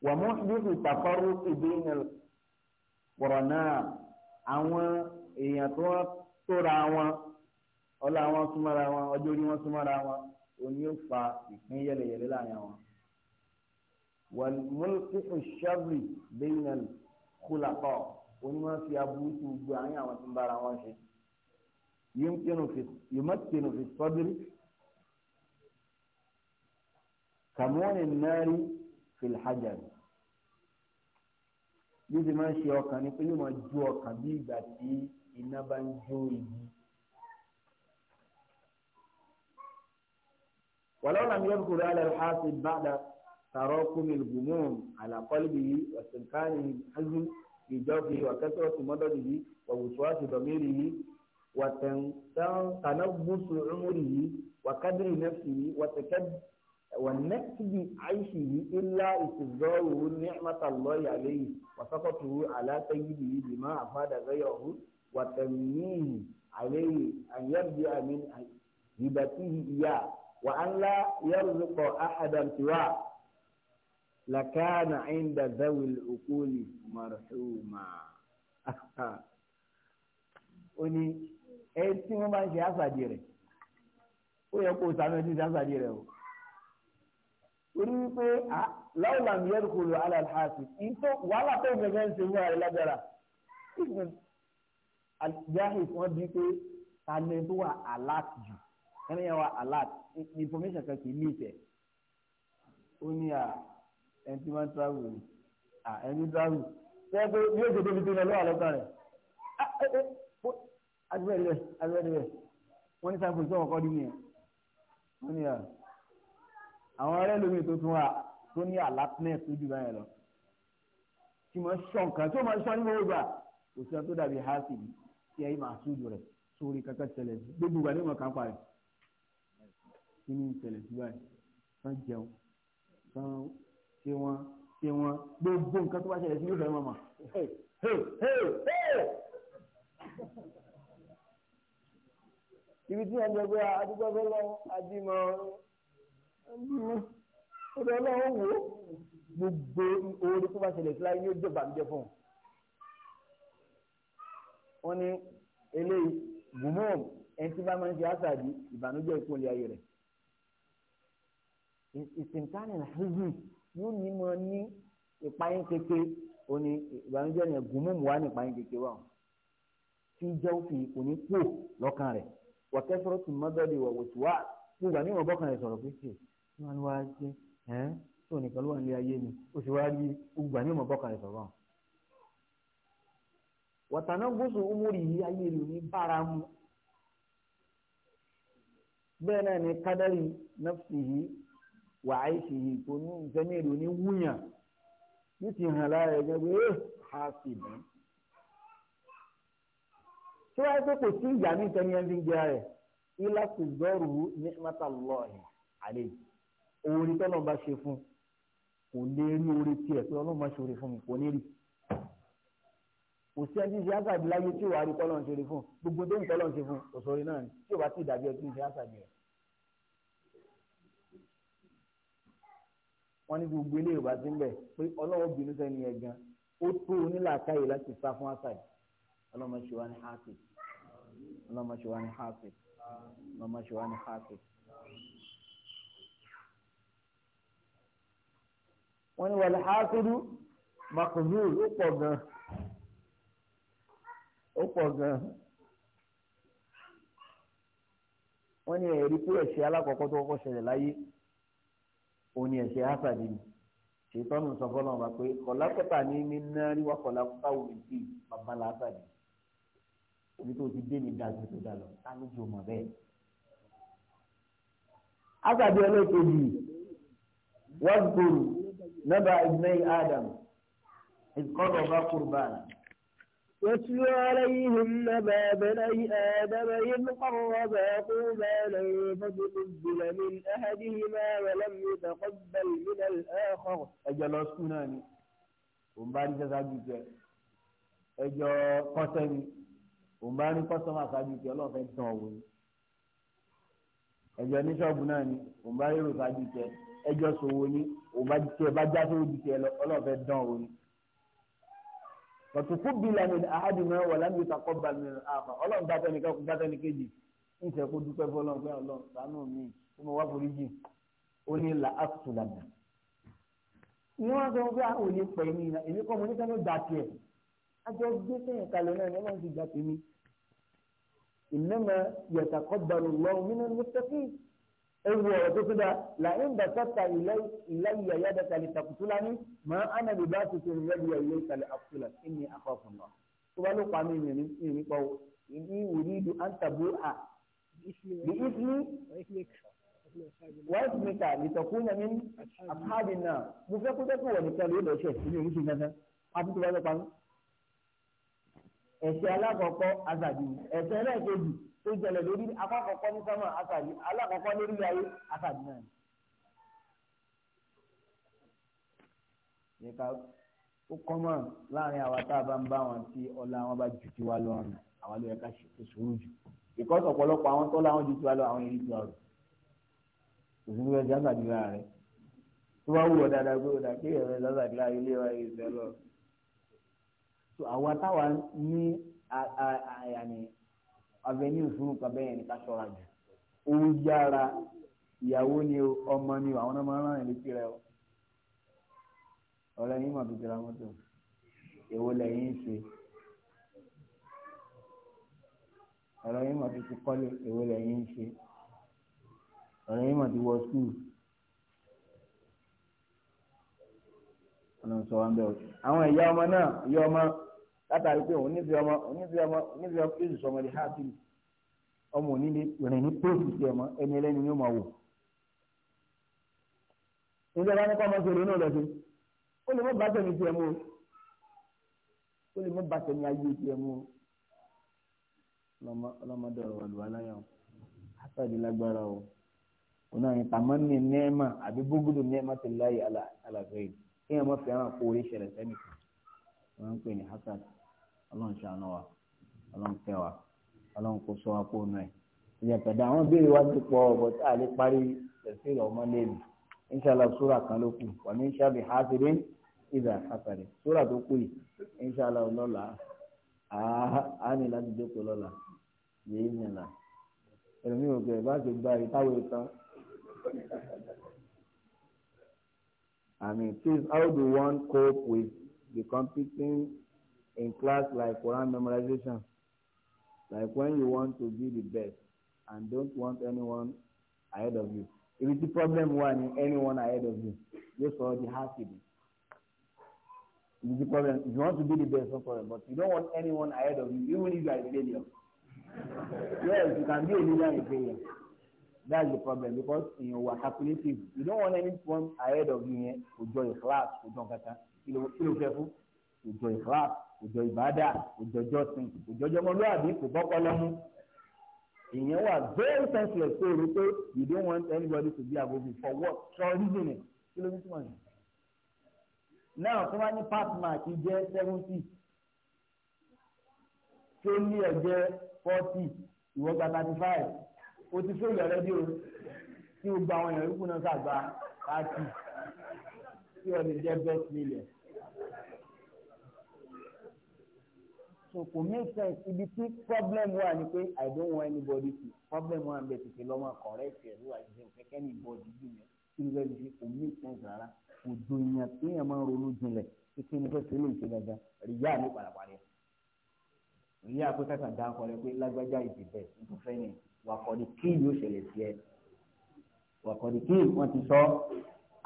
wà mú ìdíkù pàkọ́rù ìdíyìn náà pọ̀rọ̀ náà àwọn èèyàn tó wọ́n tóra wọn ọlá wọn súnmọ́ra wọn ọjọ́ orí wọn súnmọ́ra wọn òní ó fa ìpín yẹlẹyẹlẹ láàrin àwọn wàlúmọ́lùkùkù ṣọ́ọ̀bì bẹ́yìnà kúlápọ̀ onímọ̀ fi aburú tó gbọ́ àwọn àwọn tó ń bára wọn ṣe yomọ́kìnnù fi sọ́bìrì kàmọ́ọ̀nì náírì fìlhájàrì bí ó ti máa ń ṣe ọkàn ni pé yóò máa ju ọkàn bí ìgbà tí iná bá ń jó igi. wàlọ́ọ̀nà mi yẹ́ alẹ́ rẹ̀ á ti bá dáa. تراكم الهموم على قلبه واستمكانه الحزن في جوفه وكثرة مدده ووسواس ضميره وتنبس عمره وقدر نفسه وتكد والنكس بعيشه إلا استفزاره نعمة الله عليه وسقطه على سيده بما أفاد غيره وتمنيه عليه أن يرجع من هبته إياه وأن لا يرزق أحدا سواه lakana inda zawil ukuli marhuma ó ní ẹ tí wọ́n bá ń ṣe àṣàdì rẹ̀ ó yẹ kó sàmì ẹtí ṣe àṣàdì rẹ̀ o torí wípé láwùlà mi yẹn kúrò alàlhàsì ìtò wàhálà tó gbẹgbẹ ń ṣe wúra rẹ̀ lágbára ìgbìmọ̀ àjáhìf wọ́n bí pé ta ni tó wà alert jù ẹni yẹn wà alert information kan kì í ní ìtẹ̀ ó ní à ẹni tí wọ́n ń travel ni à ẹni travel sẹ́yìn pé yóò ṣe débi tó lọ lọ́wọ́ lọ́kàn rẹ̀ adúbẹ̀rẹ̀ adúbẹ̀rẹ̀ wọ́n ní sáfù sọ̀rọ̀ kọ́ dín yẹn wọ́n ní àwọn ọ̀rẹ́ lómi tó tún wà tó ní alertness tó jù báyẹn lọ tí mo sọ nǹkan tí mo máa sọ ní gbogbo gbà kò sí ọ tó dàbí háàsì yìí tí ẹ máa sójú rẹ sórí kankan tẹ́lẹ̀ sí gbogbo gbà ní ìmọ̀ kan parẹ́ kí ni ìṣẹ̀lẹ̀ sí báyìí kan jẹun kan ṣé wọn ṣé wọn gbogbo nǹkan tó bá ṣẹlẹ̀ sí yóò fẹ́ mọ̀ mọ̀ ibi tí ẹni ẹgbẹ́ adúgbò lọ adìmọ̀ ọ̀dọ̀ ọlọ́run wò ó gbogbo oore tó bá ṣẹlẹ̀ sí láyé ní ó dé bàmíjẹ fún un. wọ́n ní eléyìí gùmọ́ọ̀m ẹni tí bá máa ń ṣe àṣàdì ìbànújẹ́ ìkúnlẹ̀ ayé rẹ̀. ìsìnkánì náà yóò ní mọ ní ìpayín keke òní ìbànújẹ́ ni gùnmùmù wà ní ìpayín keke wà tí jẹ́ òfin òní kú lọ́kàn rẹ̀ wàkẹ́sọ̀rọ̀ tì mọ́tọ́dì wà wòtí wá kú wà níwọ̀n bọ́kàn rẹ̀ sọ̀rọ̀ pé ṣe wọn wá jẹ ẹ tó nìkan ló wà nílé ayé ni ó sì wá rí gbà níwọ̀n bọ́kàn rẹ̀ sọ̀rọ̀ wàtánà gbósò umúri yìí ayé ló ní bára mu bẹ́ẹ̀ náà ni kádàrí náfsì yìí wà á ṣe yìí kò ní nǹkan ní èrò ní wúyàn ní ti hàn lára ẹgbẹ́ pé ẹ ha sì bí. ṣé wàá pé kò sí ìyá ní ìtẹ́ni ẹni jẹ rẹ̀ ilá kò gbọ́rù ní mátàlọ́ọ̀hì àlè òun ni tọ́lọ́ bá ṣe fún kò lè rí orí tiẹ̀ pé ọlọ́run bá ṣe orí fún mi kò ní rí kò sí ẹni tí ṣe àṣàbí láyé tí ò wá rí tọ́lọ́run ṣe orí fún gbogbo tó ń tọ́lọ́run ṣe fún òṣòrí náà tí ò bá ti dàbí ẹ wọ́n ní gbogbo ilé ìwà sí mbẹ̀ pé ọlọ́wọ́ bínú sẹ́ni yẹn gan ó tó onílàákàyè láti sá fún àṣàyè ọlọ́mọṣẹ́wá ní hafi ọlọ́mọṣẹ́wá ní hafi ọlọ́mọṣẹ́wá ní hafi. wọ́n ní wàlẹ̀ hafidu makuzul ó pọ̀ gan ó pọ̀ gan wọ́n ní ẹ̀rí pé ẹ̀ṣẹ̀ alákọ̀ọ́kọ́ tó kọ́kọ́ ṣẹlẹ̀ láyé ó ní ẹ̀ṣẹ̀ hasadi ni ṣètọ́nù sọ fọlọ́n wa pé kọ̀lákọ́tà ní ní náírí wà kọ̀lákọ́tà òwe tí bàbá la hasadi omi tó ti dé ní dàgbé tó dà lọ sáré jù mọ̀ bẹ́ẹ̀. hasadi ẹlẹ́kẹ̀ẹ́jì wọ́n gbòòrò nọ́bà ìgbẹ́yìn Adam ìkọ́lọ̀ bá kúrbàánà. واتل عليهم نبا بني آدم إذ قربا قربانا يلتفت الظلم من أحدهما ولم يتقبل من الآخر أجل سكناني ومبارك ساجيك أجل قسمي ومبارك قسم ساجيك الله فإنسان أولي ẹjọ ní ṣọ́ọ̀bù náà ni òun bá rírò sáájú tẹ ẹjọ sòwò ni òun bá tẹ bá já sórí ju tẹ ọlọ́ọ̀fẹ́ dán o ni. pàtùkù bíi lànà àádìmọ́ wà lámì ìtakọ́ bá mi rìn àpá ọlọ́run bá tẹnìkan kú bá tẹnìkejì níṣẹ́ kó dúpẹ́ fọlọ́n pé ọlọ́run ṣàánú mi kó mo wá forí jì ó ní là á tù lànà. ni wọ́n sọ pé àwọn òní pẹ̀ mí na èmi kọ́ mo ní sẹ́nu gbà tiẹ̀ àjọ gbé sẹ́yìn kalẹ̀ náà ni wọ́n ti gbà tèmi. ìnáma yàtà kọ́ balù lọ́wọ́ mi náà ló tẹ́kí ewu ọ̀rọ̀ tó tó da là ń bà sọ́ta ìlàyà yàda kalẹ̀ takùtùlá ní mà á nà lè bá tuntun ìlàyà ilé kalẹ̀ àkùtùlá ìní akọ̀ fún wa. tó bá ló pa mí ìrìn nípa ìdí ìwòrí ìdù àǹtàbó à بإثمي وإثمك لتكون من أصحاب النار mo fẹ́ kó dẹ́kun wọ̀ nìkan ló lọ ṣe ìlú ìlú ṣe dandan àbúkú bá lọ́pàá ní. ẹ̀ṣẹ̀ alákọ̀ọ́kọ́ azàbí ẹ̀ṣẹ̀ ẹlẹ́ẹ̀kejì tó jẹlẹ̀ lórí akọ́kọ̀ọ́kọ́ ní sọ́mọ̀ azàbí alákọ̀ọ́kọ́ lórí ayé azàbí náà. yẹ̀ka ó kọ́mọ̀ láàrin àwa tá a bá ń bá wọn tí ọlá wọn bá jù tiwa lọ́rùn àwa ló yẹ ká ṣe tó sùúrù jù because ọ̀pọ̀lọpọ̀ àwọn tó láwọn ju tiwa lọ àwọn èyí tiwa rò òsì fún ẹja sàdúrà rẹ tó bá wù ọ dáadáa pé ọ̀dà pé ẹ̀rọ ẹja sàdúrà ilé wa yìí fẹ́ lọ. so àwa táwa ní avenue fún nǹkan bẹ́ẹ̀ ni ká ṣọ́ra jù ó yára ìyàwó ni ọmọ ni àwọn ọmọ náà rìn létí rẹ o ọ̀rẹ́ yín mà tó tẹ̀ra mọ́tò èwo lẹ́yìn ṣe. ọ̀rọ̀ yín mà ti ti kọ́lé èwe lẹ́yìn ń ṣe ọ̀rọ̀ yín mà ti wọ skul ọ̀nà sọ wa ń bẹ̀ o àwọn ìyá ọmọ náà ìyá ọmọ látàrí pé òun níbi ọmọ òun ọmọ òun ọmọ kéjì sọmọ lè ọmọ òní lè ní póòsì sí ọmọ ẹni ẹlẹ́ni ni ó máa wò nígbà bá ní kọ́ ọmọ sí olóyún náà lọ sí ó lè mọ́ bá tẹ̀mí sí ẹ mú o lè mọ́ bá tẹ̀mí ayé sí ẹ mú o lọ́mọdọ̀rọ̀ àlùwàláyà o hasadi lágbára o òun àyìn tàmánì nẹ́ẹ̀mà àbí búgúdù nẹ́ẹ̀mà ti láyé alàgbé kéèyàn má fẹ́ràn kó orí ṣẹlẹ̀ sẹ́ni wọ́n ń pè ní hasadi ọlọ́run ṣàánú wa ọlọ́run kẹ́ wa ọlọ́run kò sọ wa kó nù ẹ̀ ìyẹn pẹ̀lú àwọn béèrè wa ti pọ̀ ọ̀bọ̀ tá a lè parí tẹ̀síìrì ọmọ lẹ́nu inṣàlá sóra kan ló kù wà ní sábì hasirin ìdá hasadi sóra tó kù yìí inṣàlá ọlọ́la àá ní láti jókòó lọ́la yéé nìlà ẹlòmíì ò bá ti gba ìtawé tán. I mean, please, how do one cope with the competing in class like Quran memorization? Like when you want to be the best and don't want anyone ahead of you. If it's the problem one, anyone ahead of you, just for the hard feelings. If the problem, if you want to be the best, no problem, but you don't want anyone ahead of you, even if you are a failure yes you can be a leader in prayer that's the problem because you were calculative you don't want anyone ahead of you yẹn kò jọ ìkíláàs kò jọ nǹkankan kí ló fẹ́ fún kò class, to join jọ to join jọ to join jọ jọmọlúwàbí kò bọ́kọ́ lọ́mú ìyẹn wà very senseless tó rò pé you don't want anybody to be above you for what for reason ẹ kí ló ní túmọ̀ sí. now tí wọ́n ní pass mark jẹ́ seventy tó ní ẹ̀jẹ̀ forty ìwọ gba thirty five o ti fẹ́ ìyọ̀rẹ́ bí o tí o gba àwọn èèyàn yòókù náà ṣàgbà thirty tí o lè jẹ́ best million. so kò make sense ibi tí problem wà ni pé i don't want anybody to problem wà ń bẹ tètè lọ́mọ correct ẹ̀ ló wà ní ṣe kẹ́kẹ́ ní ìbọ̀dì bí mi kí ló fẹ́ fi kò make sense rárá kò dùn yàn kéèyàn máa ń ronú jinlẹ̀ kí kí ni fẹ́ sílé ìṣe gangan rí yá mi pàlàpàlà yẹn èyí àpótẹ́kà dá ọkọ rẹ pé lágbájá ìdìbẹ̀ nítorí fẹ́ ni wàkọ̀dì kí yóò ṣẹlẹ̀ sí ẹ wàkọ̀dì kí wọ́n ti sọ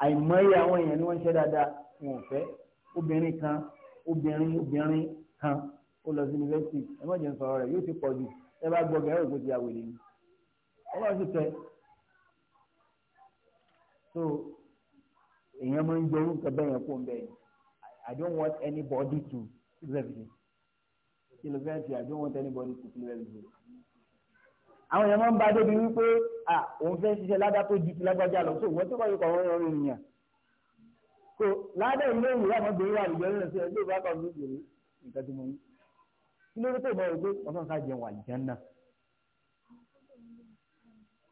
àìmọye àwọn èèyàn ni wọ́n ṣe dáadáa wọn ò fẹ́ obìnrin kan obìnrin obìnrin kan ó lọ sí yunifásitì ẹ ń sọ̀rọ̀ rẹ̀ yóò ti pọ̀ jù ẹ bá gbọ́ gẹ̀ẹ́rù kó ti àwèlè ni ọlọ́run sì tẹ so èèyàn máa ń jẹ orúkọ bẹ́ẹ̀ yẹn kó ń bẹ́ẹ̀ I don't want anybody to do everything kí ló fẹ́ ti I don't want anybody to feel well àwọn èèyàn máa ń bá débi wípé à òun fẹ́ ṣiṣẹ́ ládá tó ju ti lágbájá lọ sóò wọ́n tó wáyé kọ̀ wọ́n rọrùn èèyàn kò ládá ilé ìwé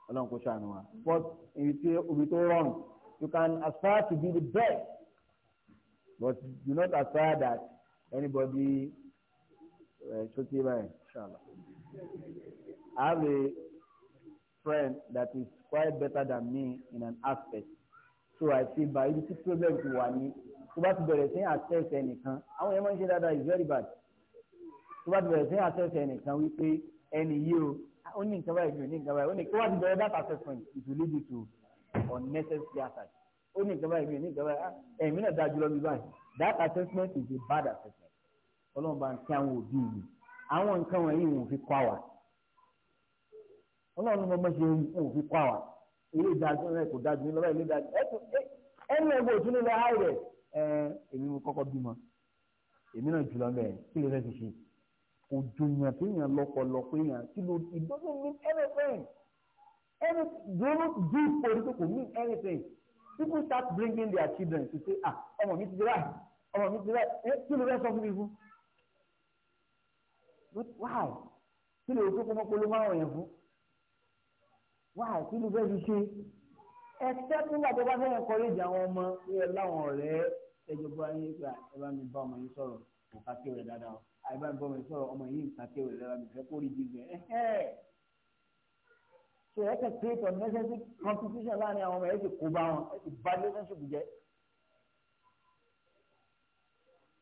ọlọ́run kò ṣàánú wa but ibi tí omi tó rọrùn you can aspire to be the best but do not aspire that anybody uh, eh, Shotiba, inshallah. I have a friend that is quite better than me in an aspect. So I feel by ibi tí problem ti wà ní tó bá ti bẹ̀rẹ̀ sí access ẹnìkan àwọn èèyàn máa ń ṣe dáadáa is very bad. Tó bá ti bẹ̀rẹ̀ sí access ẹnìkan wípé ẹni yìí o ó ní nǹkan báyìí ó ní nǹkan báyìí ó ní kí wọ́n ti bẹ̀rẹ̀ that assessment it will lead you to unnecessary attack. Ó ní nǹkan báyìí ó ní nǹkan báyìí ah, ẹ̀mí náà dájú lọ́bí báyìí that assessment is a bad assessment ọlọ́run bá ń kí àwọn òbí mi àwọn nǹkan wọ̀nyí wọn ò fi kọ́ àwà ọlọ́run mọ́ ṣe wọn ò fi kọ́ àwà ilé ìdájọ́ rẹ kò dájú nílọ́wọ́ ilé ìdájọ́ ẹni ẹgbẹ́ òtún nílẹ̀ áì rẹ̀ ẹ èmi mo kọ́kọ́ bímọ èmi náà jùlọ bẹ́ẹ̀ kí lè fẹ́ fi ṣe òjòyàn tó yàn lọ́pọ̀lọ́ pé yàn kí ló ìdọ́dọ̀ mi anything any don't do political kò mean anything people start bringing their children to say ah ọmọ mi ti di báyìí ọmọ mi ti di báyìí kí ló fẹ́ sọ fún mi fún wáì kí lè tó kọ́mọ́ polówó máa wọ̀nyẹn fún wáì kí lè fẹ́ẹ́ fi ṣe ẹsẹ́ nígbà tó bá fẹ́ encourage àwọn ọmọ ẹ láwọn ọ̀rẹ́ ẹjọba yín gbà ah, ẹ bá mi bá ọmọ yín sọ̀rọ̀ kò ká kéwèé dáadáa àyè ah, bá mi bá ọmọ yín sọ̀rọ̀ ọmọ yín ká kéwèé dáadáa mi fẹ́ kó rí bíi bẹ́ẹ̀ ẹ̀hẹ́ so ẹ kẹ create unnecessary competition láàrin àwọn ọmọ ẹ sì kó bá wọn ẹ sì bà relationship jẹ́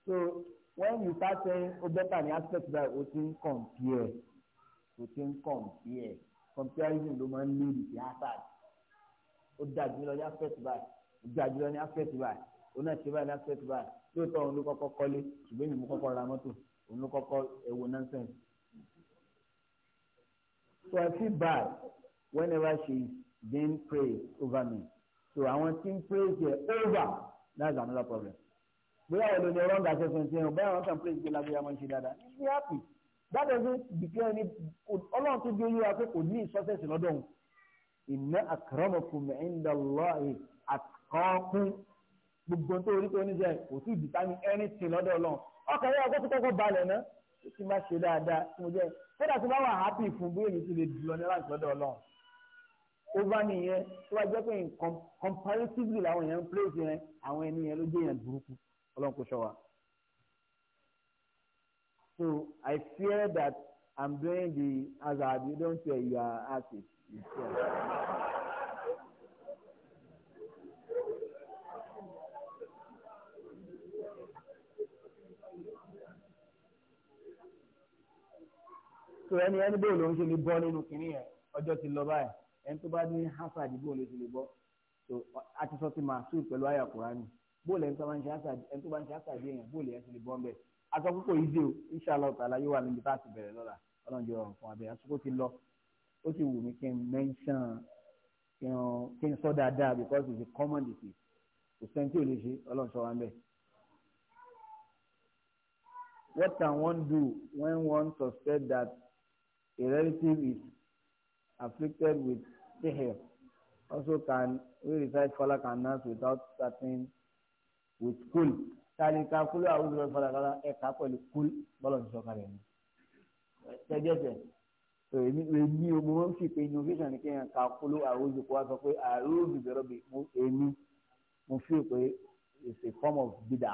so when you start saying ó bẹ́tà ní aspect báyìí ó ti ń compare ó ti ń compare comparison ló máa ń lead sí hazard ó dájú lọ ní aspect báyìí ó dájú lọ ní aspect báyìí ó náà ṣe báyìí ní aspect báyìí lóòótọ́ òun ló kọ́kọ́ kọ́lé ṣùgbọ́n èmi mú kọ́kọ́ ra mọ́tò òun ló kọ́kọ́ ẹ̀wọ̀ nonsense. so I feel bad whenever she is being praised over me so I tí ń praise her over that's another problem bóyá ẹ̀ ló ní ọlọ́ǹda sẹ́sìn tí ẹ̀ bóyá wọn kàn pèsè lágbóyà máa ń ṣe dáadáa ní happy that doesn't declare ni ọlọ́run tó gbé yíra pé kò ní ìsọ́sẹ̀sì lọ́dọ̀ òun inna akramakum inda Allahi atqakum gbogbo tó orí tó ní jẹ kò sí ìdìtà ní anything lọ́dọ̀ ọlọ́run ọkàn yẹn ọkọ̀ tó kọ́kọ́ balẹ̀ náà ó ti máa ṣe dáadáa tí mo jẹ kódà tí bá wà happy fún bóyá èyí ti lè dùn lọ ní láti lọ́dọ̀ ọlọ́run ó ọlọ́run kò ṣọ́ wa. So I fear that I'm doing the hazard you don't fear you are artist. so ẹni ẹni bóyá ló ń ṣe lè bọ́ nínú kínní yẹn ọjọ́ ti lọ báyìí ẹni tó bá ní hazard bóyá ló ti lè bọ́ so a ti sọ ti màá sùn pẹ̀lú àyà kùránì bóòlù ẹni tó bá ń ṣe àṣàdé ẹni tó bá ń ṣe àṣàdé èèyàn bóòlù ẹ ti lè bọ́ ń bẹ̀ aṣọ púpọ̀ yìí dé o inṣàlá ọ̀tàlá yóò wà níbi tá a ti bẹ̀rẹ̀ lọ́la ọlọ́run jọ abẹ́ àsìkò ti lọ ó sì wù mí kí n mẹ́ńṣán kí n sọ dáadáa because it's a common disease kò sẹ́ni tí ò lè ṣe ọlọ́run wa ń bẹ̀. What can one do when one suspect that a relative is afflicted with sihr? Also, can we recite Falak and Nas without starting? with kul tani ka kulu àwọn olùdókòwò falakala ẹ̀ka pẹ̀lú kul bọ́lọ̀ ní sọ́kàlẹ̀ ni tẹ́jẹ́sẹ̀ èmi o mo fi pe innovation ni kéèyàn ka kulu àwọn olùdókòwò sọ pé àrùn ìbẹ̀rọ̀ bí mo èmi mo fi pe it's a form of bidà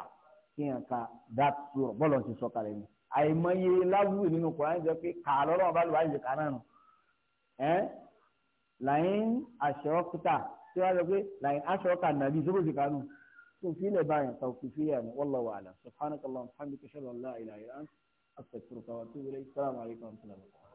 kéèyàn ka that sure bọ́lọ̀ ní sọ́kàlẹ̀ ni àìmọye láwùú nínú kòrán jẹ pé kà lọ́rọ̀ ọba lùwà ìjẹ kà náà nù ẹ́ làyín àṣọ kúta tí wọ́n sọ pé làyín àṣọ kà nàbí sóbòsì kà nù. توفيلة باين توقيفية يعني، والله أعلم سبحانك اللهم وبحمدك أشهد أن لا إله إلا أنت أستغفرك وأتوب إليك السلام عليكم ورحمة الله وبركاته